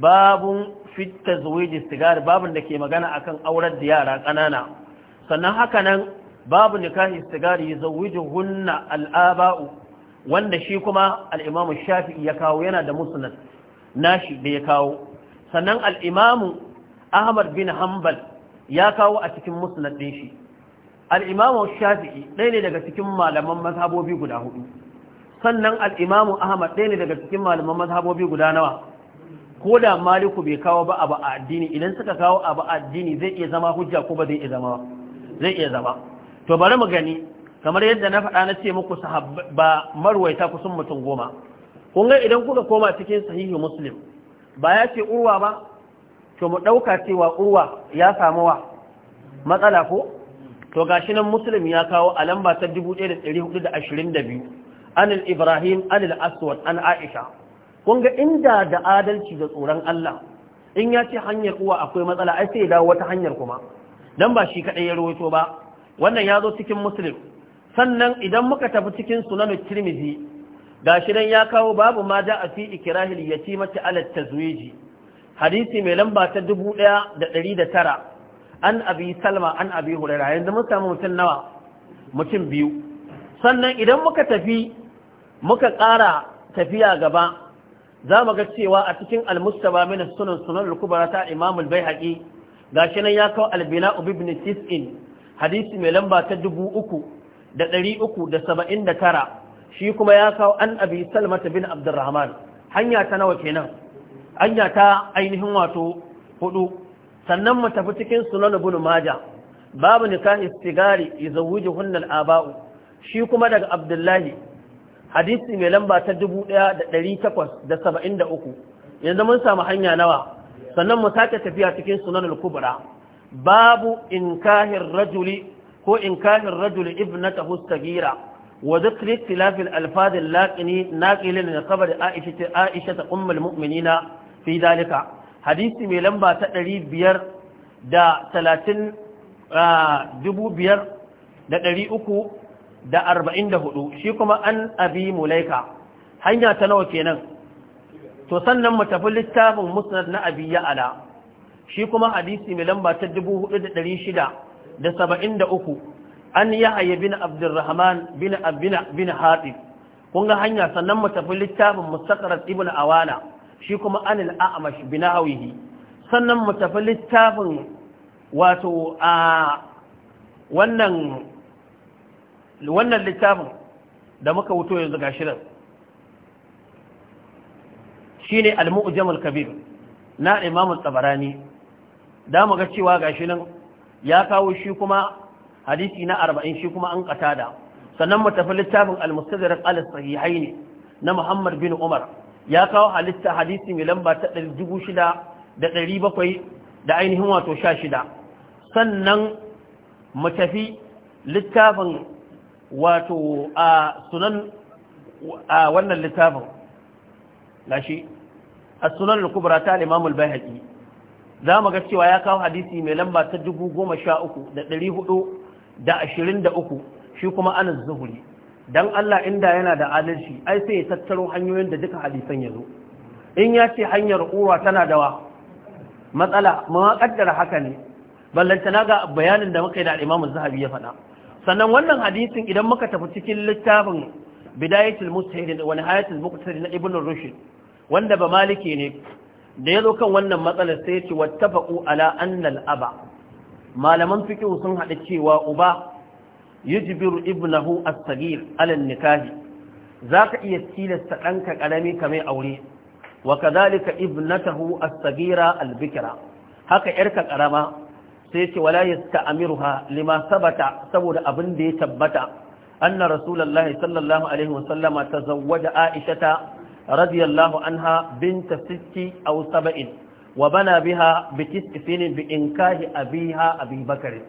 babun fit tazwijil sigar babin da ke magana akan aurar da yara ƙanana sannan hakanan babu nikahi sigari zawijuhunna al-aba'u wanda shi kuma al-imamu shafi'i ya kawo yana da musnad nashi da ya kawo sannan al ahmad bin hanbal ya kawo a cikin musnad shi al shafi'i ɗaya ne daga cikin malaman mazhabobi guda hudu sannan al ahmad ɗaya ne daga cikin malaman mazhabobi guda nawa ko da maliku bai kawo ba abu a addini idan suka kawo abu a addini zai iya zama hujja ko ba zai iya zama zai iya zama to bari mu gani kamar yadda na faɗa na ce muku sahabba marwaita kusan mutum goma kun ga idan kuka koma cikin sahihi muslim ba ya ce urwa ba to mu ɗauka cewa urwa ya samu wa matsala ko to gashi nan muslim ya kawo a lamba ta 1422 anil ibrahim anil aswad an aisha kun ga inda da adalci da tsoron Allah in ya ce hanyar uwa akwai matsala ai sai ya dawo wata hanyar kuma dan ba shi kadai ya rawaito ba wannan ya zo cikin muslim sannan idan muka tafi cikin sunan tirmidhi gashi nan ya kawo babu ma da a fi ikrahil yatimati ala tazwiji hadisi mai lamba ta dubu ɗaya da ɗari da tara an abi salma an abi hurera yanzu mun samu mutum nawa mutum biyu sannan idan muka tafi muka ƙara tafiya gaba za mu ga cewa a cikin almustaba min sunan sunan al ta ta bai haƙi. Ga gashi nan ya kawo albina ubi bin tis'in hadisi mai lamba ta dubu uku da ɗari uku da saba'in da tara shi kuma ya kawo an abi ta bin abdurrahman hanya ta nawa kenan hanya ta ainihin wato hudu sannan mu tafi cikin sunan ibn majah babu nikahi sigari yazawujuhunna hunnal abau shi kuma daga abdullahi hadisi mai lamba ta 1873 yanzu mun samu hanya nawa sannan mu sake tafiya cikin sunan al-kubra babu inkahir rajuli ko inkahir rajuli ibnatahu sagira wa dhikri ikhtilaf al-alfaz al-laqini naqilin li khabar aisha aisha umm muminina fi dalika hadisi mai lamba ta ɗari biyar da talatin dubu biyar da uku da arba'in da hudu shi kuma an abi mulaika hanya ta nawa kenan to sannan mu tafi littafin musnad na abi ya'ala shi kuma hadisi mai lamba ta dubu hudu da ɗari shida da saba'in da uku an yahaya bin abdurrahman bin abin bin hatib kun ga hanya sannan mu tafi littafin mustaqrat ibn awana shi kuma anil a'amash binahawihi sannan mu tafi littafin wato a wannan wannan littafin da muka wuto yanzu ga shirin shine al-mu'jam al-kabir na imam al-tabarani da mu ga cewa gashi nan ya kawo shi kuma hadisi na 40 shi kuma an katada sannan mu tafi littafin al-mustadrak al-sahihaini na Muhammad bin Umar ya kawo halitta hadisi mai lamba ta 6,700 da ainihin wato 16 sannan mu tafi littafin wato a sunan a wannan littafin Na shi a sunan al-kubra ta alimamul bai al za mu ga cewa ya kawo hadisi mai lamba ta da uku. shi kuma anas zuhuri dan Allah inda yana da adalci ai sai ya tattaro hanyoyin da duka hadisan ya zo in ya ce hanyar uwa tana da matsala ma kaddara haka ne tana ga bayanin da muka yi da Imam Zahabi ya faɗa sannan wannan hadisin idan muka tafi cikin littafin Bidayatul Mustahid wa Nihayatul Muqtasid na Ibn Rushd wanda ba maliki ne da yazo kan wannan matsalar sai ya ce wattafaqu ala anna al-aba malaman fiqh sun haɗa cewa uba yujbiru ibnahu as-saghir ala nikahi zaka iya tilasta ɗanka karami kamar aure wa kadhalika ibnatahu as-saghira al-bikra haka yarka karama sai ce wala yasta'miruha lima sabata saboda abin da ya tabbata anna rasulullahi sallallahu alaihi wasallama tazawwaja aishata radiyallahu anha binta sitti aw sab'in وبنى بها بتسع bi inkahi abiha أبي بكر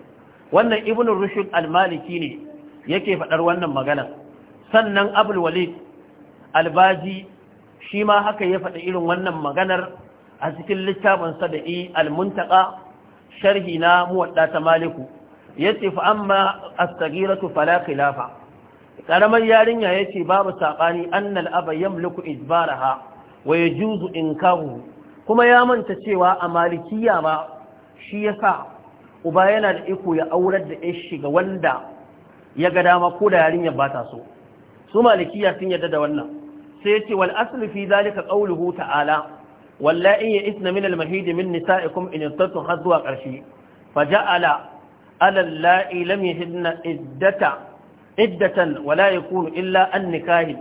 wannan ibn rushd al-maliki ne yake faɗar wannan magana sannan abul walid al shi ma haka ya faɗi irin wannan maganar a cikin littafin sada'i al-muntaka sharhi na muwadda ta maliku yace fa amma as-saghiratu fala khilafa karamar yarinya yace babu sabani annal aba yamliku ijbaraha wa yajuzu inkahu kuma ya manta cewa a malikiya ma shi yasa uba yana da iko ya aurar da ya shiga wanda ya ga dama ko da yarinya ba ta so su malikiya sun yarda da wannan sai yace wal aslu fi zalika qawluhu ta'ala wallahi ya isna min al mahid min nisa'ikum in irtatu hazwa qarshi faja'ala ala allahi lam yahidna iddata iddatan wala yakunu illa an nikahi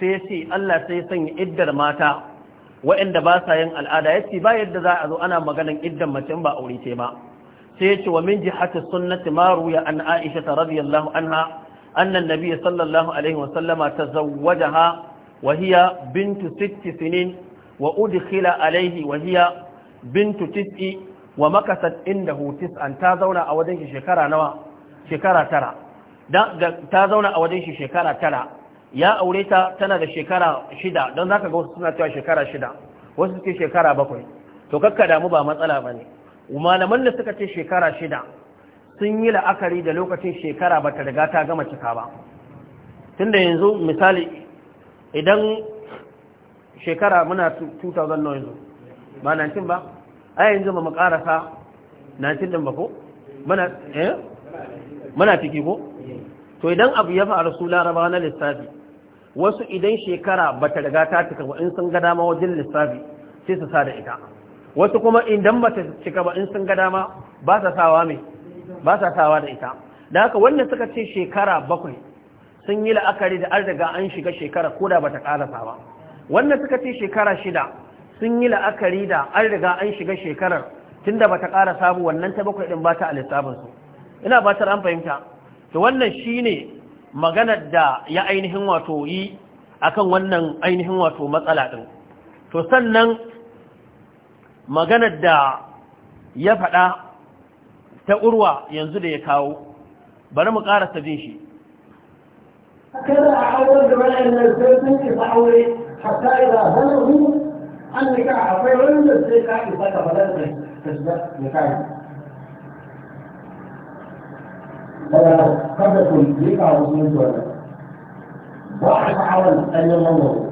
sai sai Allah sai sanya iddar mata waɗanda ba sa yin al'ada yace ba yadda za a zo ana maganan iddan mace ba aure ce ba sai ya ce wa min jihati sunnati ma ruya an aisha ta radiyallahu anha anna an-nabiy sallallahu alaihi wa sallama tazawwajaha wa hiya bintu sitti sinin wa udkhila alaihi wa hiya bintu tis'i wa makasat indahu an ta zauna a wajen shi shekara nawa shekara tara ta zauna a wajen shi shekara tara ya aure ta tana da shekara shida don zaka ga wasu suna cewa shekara shida wasu suke shekara bakwai to kakka damu ba matsala bane malaman da suka ce shekara shida sun yi la'akari da lokacin shekara ba ta riga ta gama cika ba tunda yanzu misali idan shekara muna 2009 yanzu ba 19 ba a yanzu ba mu na 19 din ba ko eh? muna ciki ko to idan abu ya faru su laraba na lissafi wasu idan shekara ba ta riga ta cika ba in sun ga dama wajen lissafi sai su sa da ita wasu kuma idan ba ta cika ba in sun ga dama ba sa sawa mai ba sa sawa da ita da haka wanda suka ce shekara bakwai sun yi la'akari da an daga an shiga shekara ko da bata karasa ba wanda suka ce shekara shida sun yi la'akari da an daga an shiga shekarar tun ba bata karasa ba wannan ta bakwai din ba ta a lissafin ina ba ta an fahimta to wannan shine maganar da ya ainihin wato yi akan wannan ainihin wato matsala din to sannan maganar da ya faɗa ta urwa yanzu da ya kawo bari mu ƙara jin shi kada a aure da bayan da sai sun ki aure hatta idan hanahu an nika akwai wanda sai ka isa balar da ka shiga ba a sha'awar ɗanyen wannan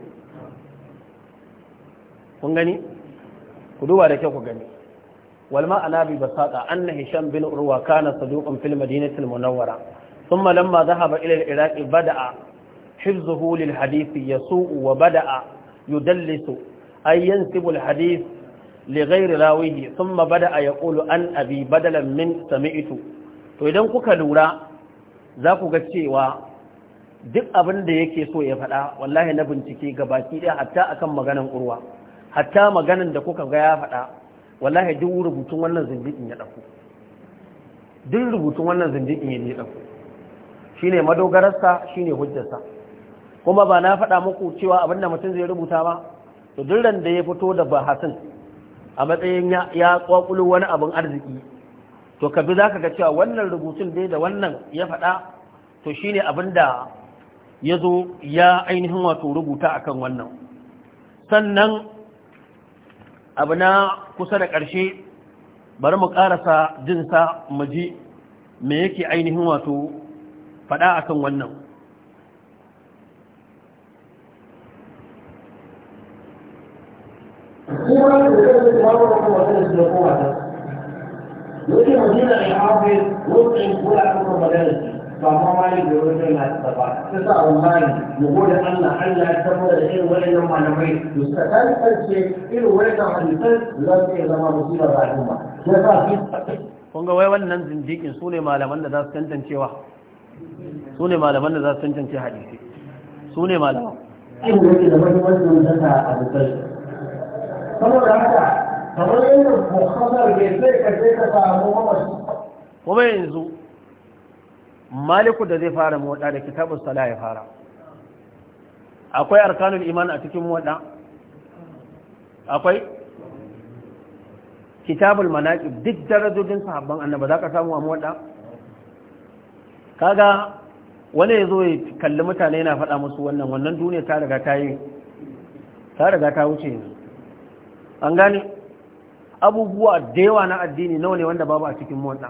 kun gani ku duba da kyau ku gani wal ma'ana bi basata anna hisham bin urwa kana saduqan fil madinati al munawwara thumma lamma dhahaba ila al iraq bada'a hifzuhu lil yasu'u wa bada'a yudallisu ay yansibu al hadith لغير راويه ثم بدا يقول an abi بدلا min sami'tu to idan kuka lura za ku ga cewa duk abin da yake so ya faɗa wallahi na bincike ga baki ɗaya hatta akan maganan urwa hatta maganin da kuka ga ya faɗa wallahi duk rubutun wannan zindiƙin ya ɗauko duk rubutun wannan zindiƙin ya ɗauko ne madogararsa shi ne hujjarsa kuma ba na faɗa muku cewa abin da mutum zai rubuta ba to duk da ya fito da bahasin a matsayin ya kwakulo wani abin arziki to ka bi zaka ga cewa wannan rubutun dai da wannan ya faɗa to shi ne abin da ya zo ya ainihin wato rubuta akan wannan sannan abu na kusa da ƙarshe bari mu ƙarasa jinsa mu ji me yake ainihin wato faɗa a kan wannan يجب أن يحافظ ويطعم كل da مدارسه ba ma mali da wajen na ta ba ta sa wallahi mu gode Allah Allah ya tabbata da irin wayannan malamai to suka ta kace irin wayannan hadisan za su iya zama musiba ga al'umma ya sa kun ga wai wannan zindikin su ne malaman da za su tantancewa su ne malaman da za su tantance hadisi su ne malaman irin yake da mahimmanci wajen ta hadisan saboda haka kamar yadda muhammad bai sai ka je ka samu mamaci kuma yanzu maliku da zai fara motsa da kitabun sala ya fara akwai arkanul iman a cikin motsa akwai kitabul manaki duk darajojin sahabban annaba za ka samu a motsa kaga wani ya zo ya kalli mutane yana faɗa musu wannan wannan duniya ta riga ta yi ta riga ta wuce yanzu an gane abubuwa da yawa na addini nawa ne wanda babu a cikin motsa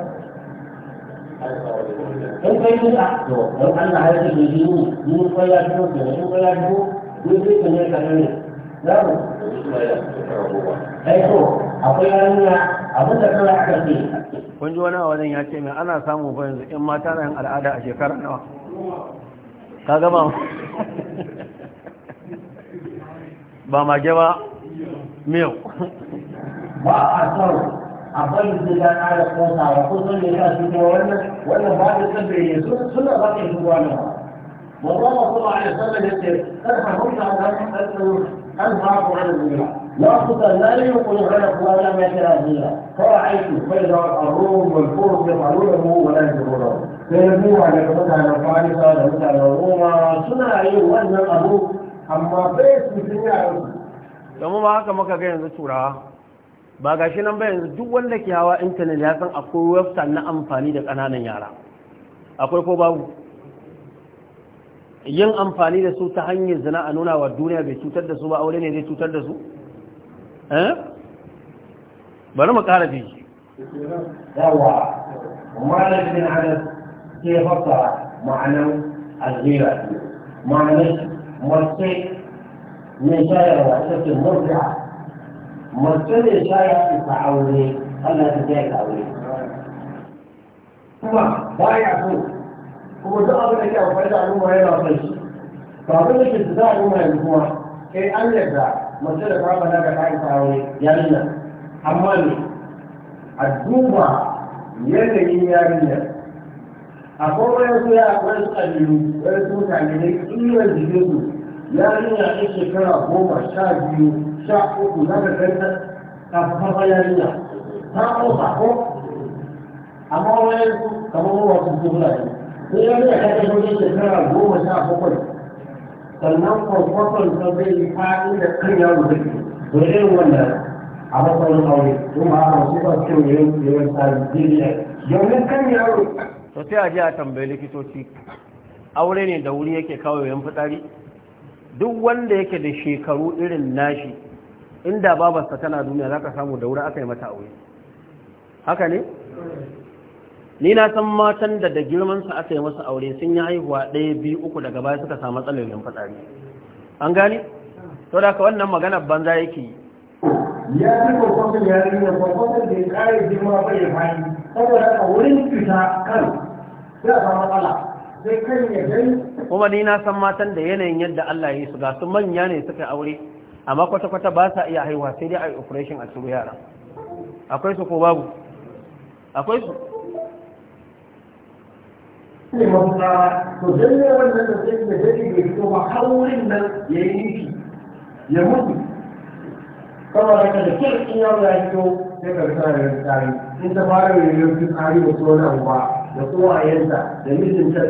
in kai mun a to don Allah har yake yi mu mun kai ya fito da mun kai ya fito mun sai ka ne ka ne za mu ai to akwai yarinya abin da kawai aka ce kun ji wani a wajen ya ce mai ana samu ba yanzu in mata na yin al'ada a shekara nawa ka gaba ba mage ba miyau ba a tsaro akwai su ga ƙara kosawa ko sun ne sa su kuma wannan wannan ba su kan bai su suna ba ke zuwa nan والله صلى الله عليه وسلم يقول ترحم الله أن أنهاكم عن الزنا لا قتل لا يقول غير الله لم يكن الزنا فرأيت فإذا الروم والفرس يفعلونه ولا يجرونه فيبنوا على متعنا فارسة متعنا روما سنا أيوه أن أبوه amma bai su sun yi a domin ba haka maka ga yanzu turawa ba ga shi nan bayan duk wanda ke hawa intanet ya san akwai website na amfani da ƙananan yara akwai ko babu yin amfani da su ta hanyar zina a nuna wa duniya bai cutar da su ba aure ne zai cutar da su eh bari mu ƙara fi yawa malam bin da ke fasa ma'anan aljiya ma'anar mace ne shayarwa ita ce murja mace ne shaya ta aure Allah ta ta ka aure kuma ba ya so kuma duk abin da ke amfani da al'umma yana son shi to abin da ke su za al'umma yanzu kuma sai an yarda mace da ta bana da ta ta aure yarinya amma ne a duba yanayin yarinya akwai wani su ya akwai su ƙabilu wani su mutane ne ƙiwon jikinsu yarinya ta shekara goma sha biyu sha uku za ka kai ta farfa yarinya ta ƙosa ko amma wani kamar wasu jumla ne sai yarinya ta kai wajen shekara goma sha bakwai sannan kwakwakwon ta zai yi faɗi da kan yaro da ke irin wannan a matsayin aure kuma a wasu ba su yawan yawan tsarin jirgin yawon kan yaro to sai a ji a tambayi likitoci aure ne da wuri yake kawo yawan fitsari duk wanda yake da shekaru irin nashi inda babarsa tana duniya za ka samu da wuri aka yi mata aure haka ne ni na san matan da da girmansa aka yi masa aure sun yi haihuwa ɗaya biyu uku daga baya suka samu yin fatsari an gani? to da ka wannan magana banza yake yi ya fi kwakwakwar ni na matan da yanayin yadda Allah ya yi manya ne suka aure amma kwata-kwata ba sa iya haihuwa sai dai a yi operation a ciro yara akwai su ko babu akwai su ne ne wannan da sai da da nan ya yi ya mutu da in yau ya fito sai ka rasa da tsari in ta fara yin tsari wasu wani abu ba da kowayenta da mijinta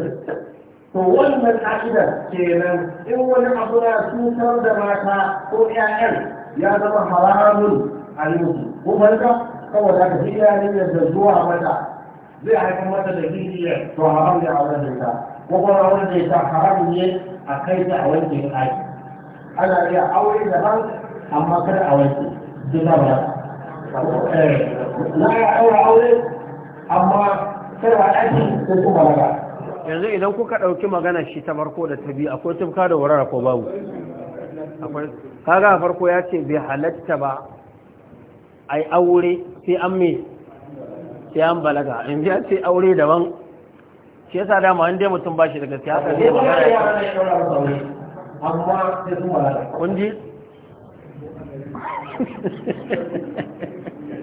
to wannan ka'idar kenan in wani abu na cutar da mata ko ƴaƴan ya zama haramun a yanzu ko barka saboda ka hiya ne da zuwa mata zai haifar mata da hiya to haram ne a wannan ta ko kuma wanda ya ta haram ne a kai ta a wanke aiki ana iya aure da ban amma kada a wanke duk da ba eh, na ya aure aure amma kada a ɗaki ko kuma ba yanzu idan kuka ɗauki magana shi ta farko da ta biyu akwai tufka da wurare ko babu kaga farko ya ce bai halatta ba a yi aure sai an mai sai an balaga in ya ce aure daban shi yasa dama inda mutum ba shi daga siyasa ne magana ya yi.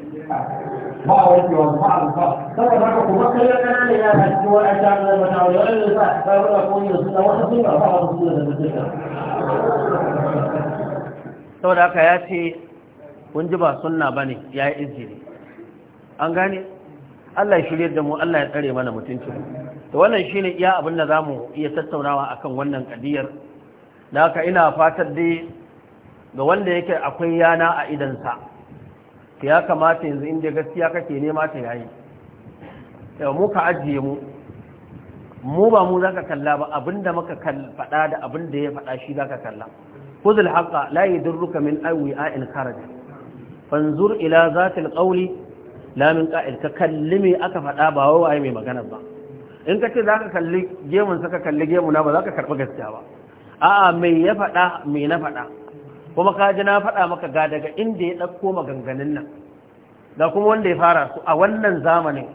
ba a warkewa ba a rufa saboda haka kuma kai yana da cikin wani a sha mai mata wani wani sa ta rufa da ne su da wata sun ba ba su da mutum saboda haka ya ce kun ji ba sunna ba ne ya yi izini an gane Allah ya shirya da mu Allah ya tsare mana mutunci to wannan shine iya abin da zamu iya tattaunawa akan wannan kadiyar da haka ina fatar dai ga wanda yake akwai yana a idansa ta ya kamata yanzu inda gaskiya kake nema ta yayi yau mu ka ajiye mu mu ba mu za ka kalla ba abinda maka faɗa da abinda ya faɗa shi za ka kalla kuzul haƙa la yi durruka min aiwi a in fanzur ila zatil ƙauli lamin ƙa'il ka kalli me aka faɗa ba wa waye mai magana ba in ka ce za ka kalli gemun sa ka kalli gemuna ba za ka karɓi gaskiya ba a'a mai ya faɗa mai na faɗa kuma ka na faɗa maka ga daga inda ya ɗauko maganganun nan da kuma wanda ya fara su a wannan zamanin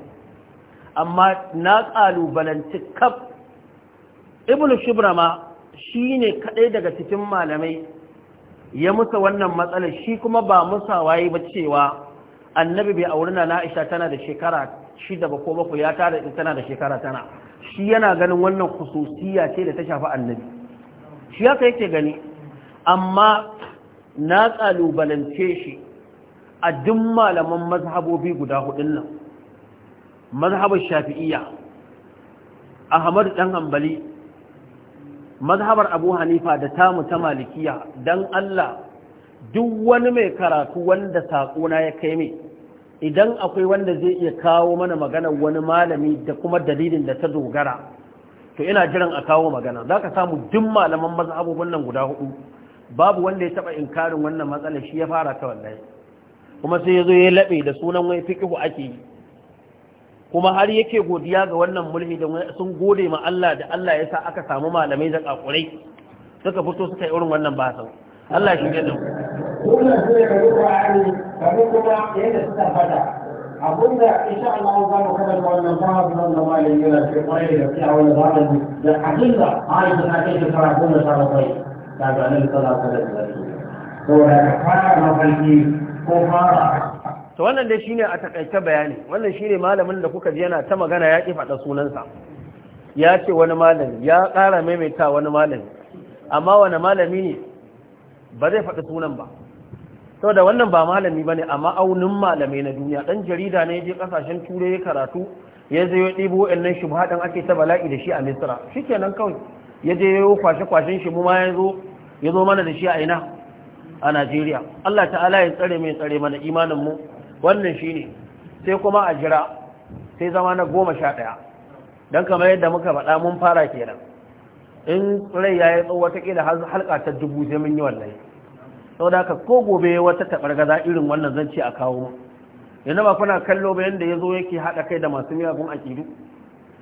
amma na ƙalubalanci kaf ibn shubra ma shi ne kaɗai daga cikin malamai ya musa wannan matsalar shi kuma ba musa waye ba cewa annabi bai auri na Na'isha tana da shekara shida ba ko bako ya tara tana da shekara tana shi yana ganin wannan khususiyya ce da ta shafi annabi shi haka yake gani amma na ƙalubalance shi a duk malaman mazhabobi guda hudun nan mazhabar shafi'iyya ahmad dan hanbali mazhabar abu hanifa da tamu ta malikiya dan Allah duk wani mai karatu wanda saƙona ya kai mai idan akwai wanda zai iya kawo mana magana wani malami da kuma dalilin da ta dogara to ina jiran a kawo magana za ka samu duk malaman mazhabobin nan guda hudu babu wanda ya taba inkarin wannan matsala shi ya fara ta wallahi kuma sai yazo ya labe da sunan wai fiqhu ake yi kuma har yake godiya ga wannan mulhidin sun gode ma Allah da Allah ya sa aka samu malamai da kakurai suka fito suka yi irin wannan basan Allah shi gadin wannan sai ka rubuta ani kamar kuma yadda suka fada abinda insha Allah za mu kada wannan babu nan da malami yana cikin kwaye da kiyawa da zamani da hakika a yi ta kai da karatu da sarrafa ta ga nan sallah ta da saboda ka fara mafarki ko fara to wannan dai shine a takaice bayani wannan shine malamin da kuka ji yana ta magana ya ki faɗa sunansa ya ce wani malami ya ƙara maimaita wani malami amma wani malami ne ba zai faɗi sunan ba to da wannan ba malami ba ne amma aunin malamai na duniya ɗan jarida ne je ƙasashen turai ya karatu ya zai ya ɗibo wa'annan shi haɗin ake ta bala'i da shi a misira shi kenan kawai ya je yayo kwashe-kwashen shi mu ma ya zo ya zo mana da shi a ina a Najeriya Allah ta'ala ya tsare mai tsare mana imaninmu. wannan shi ne. sai kuma a jira sai zama na goma sha ɗaya don kamar yadda muka faɗa mun fara kenan in rai ya yi tsawo ƙila halka ta dubu sai mun yi wallahi sau da haka ko gobe wata taɓargaza irin wannan zance a kawo mu yanzu ba kuna kallo bayan da ya zo yake haɗa kai da masu miyagun akidu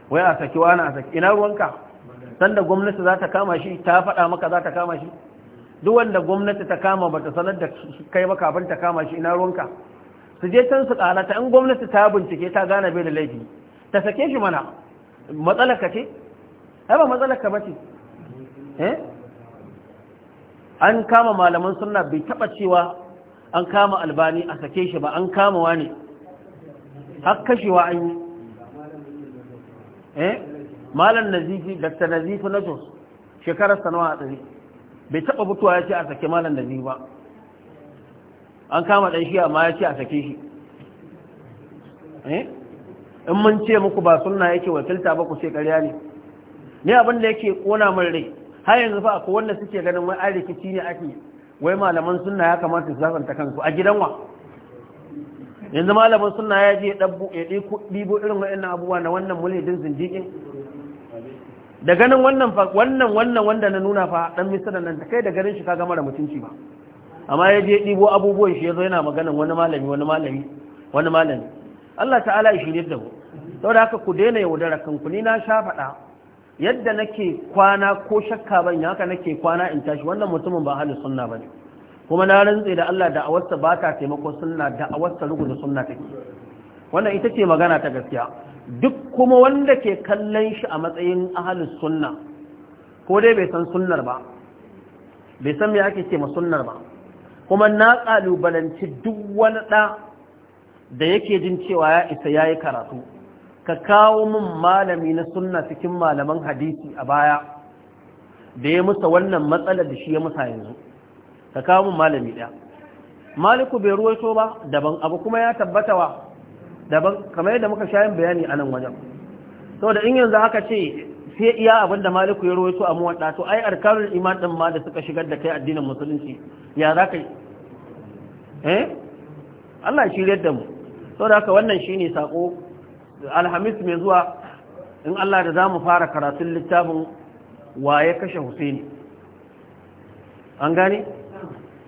wai a saki wani a saki ina ruwanka sanda gwamnati za ta kama shi ta faɗa maka za ta kama shi duk wanda gwamnati ta kama ba ta sanar da kai ba kafin ta kama shi ina ruwanka su je can su ta in gwamnati ta bincike ta gane bai da laifi ta sake shi mana ka ce ai ba matsalaka ka ce eh an kama malaman sunna bai taba cewa an kama albani a sake shi ba an kama wani har kashewa an yi eh malam nazifi ta nazifi na jos shekarar sanawa a tsari bai taɓa mutuwa ya ce a sake malam nazifi ba an kama ɗan shi amma ya ce a sake shi eh? in mun ce muku ba sunna yake wakilta ba ku ce ƙarya ne ni abin da yake kona min rai har yanzu fa akwai wanda suke ganin wai an rikici ne ake wai malaman sunna ya kamata su zafanta kansu a gidan wa yanzu malamin suna ya je ya ɗibo irin wa'annan abubuwa na wannan mulidin zindiƙin da ganin wannan wannan wannan wanda na nuna fa dan misra nan da kai da garin shi ka ga mara mutunci ba amma ya je ɗibo abubuwan shi yazo yana maganan wani malami wani malami wani malami Allah ta'ala ya shirye da ku saboda haka ku daina yaudara kanku ni na sha faɗa yadda nake kwana ko shakka ban ya haka nake kwana in tashi wannan mutumin ba halin sunna bane kuma na rantse da Allah da awarsa ba ta taimako sunna da awarsa rugu da sunna take wannan ita ce magana ta gaskiya duk kuma wanda ke kallon shi a matsayin ahalus sunna ko dai bai san sunnar ba bai san me ake ce ma sunnar ba kuma na ƙalubalanci duk wani ɗa da yake jin cewa ya isa ya yi karatu ka kawo min malami na sunna cikin malaman hadisi a baya da ya musa wannan matsalar da shi ya musa yanzu ka kawo min malami ɗaya maliku bai ruwaito ba daban abu kuma ya tabbata wa daban kamar yadda muka shayin bayani a nan wajen saboda in yanzu haka ce sai iya abinda maliku ya rawaito a muwadda to ai arkanul iman din ma da suka shigar da kai addinin musulunci ya za ka eh Allah shi da mu saboda haka wannan shi ne sako alhamis mai zuwa in Allah da zamu fara karatun littafin waye kashe Husaini an gane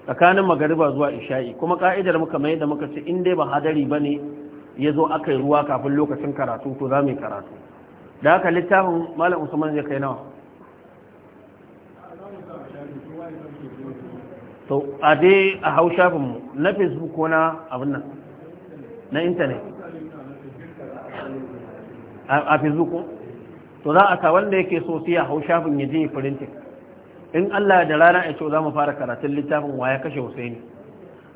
tsakanin magariba zuwa isha'i kuma ka'idar muka mai da muka ce in dai ba hadari bane ya zo aka yi ruwa kafin lokacin karatu to za mu yi karatu da haka littafin malam usman zai kai nawa to a dai a hau shafinmu na facebook ko na abin nan na intanet a facebook to za a ka wanda yake so sai a hau shafin ya je printing in Allah da rana ya ce za mu fara karatun littafin waya kashe Husaini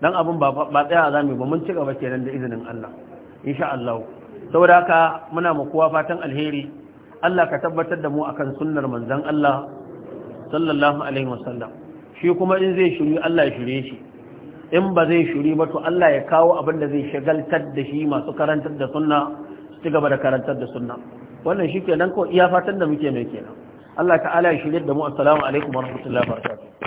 dan abin ba tsaya za mu ba mun ci gaba kenan da izinin Allah insha Allah saboda haka muna kowa fatan alheri Allah ka tabbatar da mu akan sunnar manzon Allah sallallahu alaihi wasallam shi kuma in zai shiri Allah ya shirye shi in ba zai shiri ba to Allah ya kawo abin da zai shagaltar da shi masu karantar da sunna su ci gaba da karantar da sunna wannan shi kenan ko iya fatan da muke mai kenan Allah ta'ala ya shirye da mu assalamu alaikum warahmatullahi wabarakatuh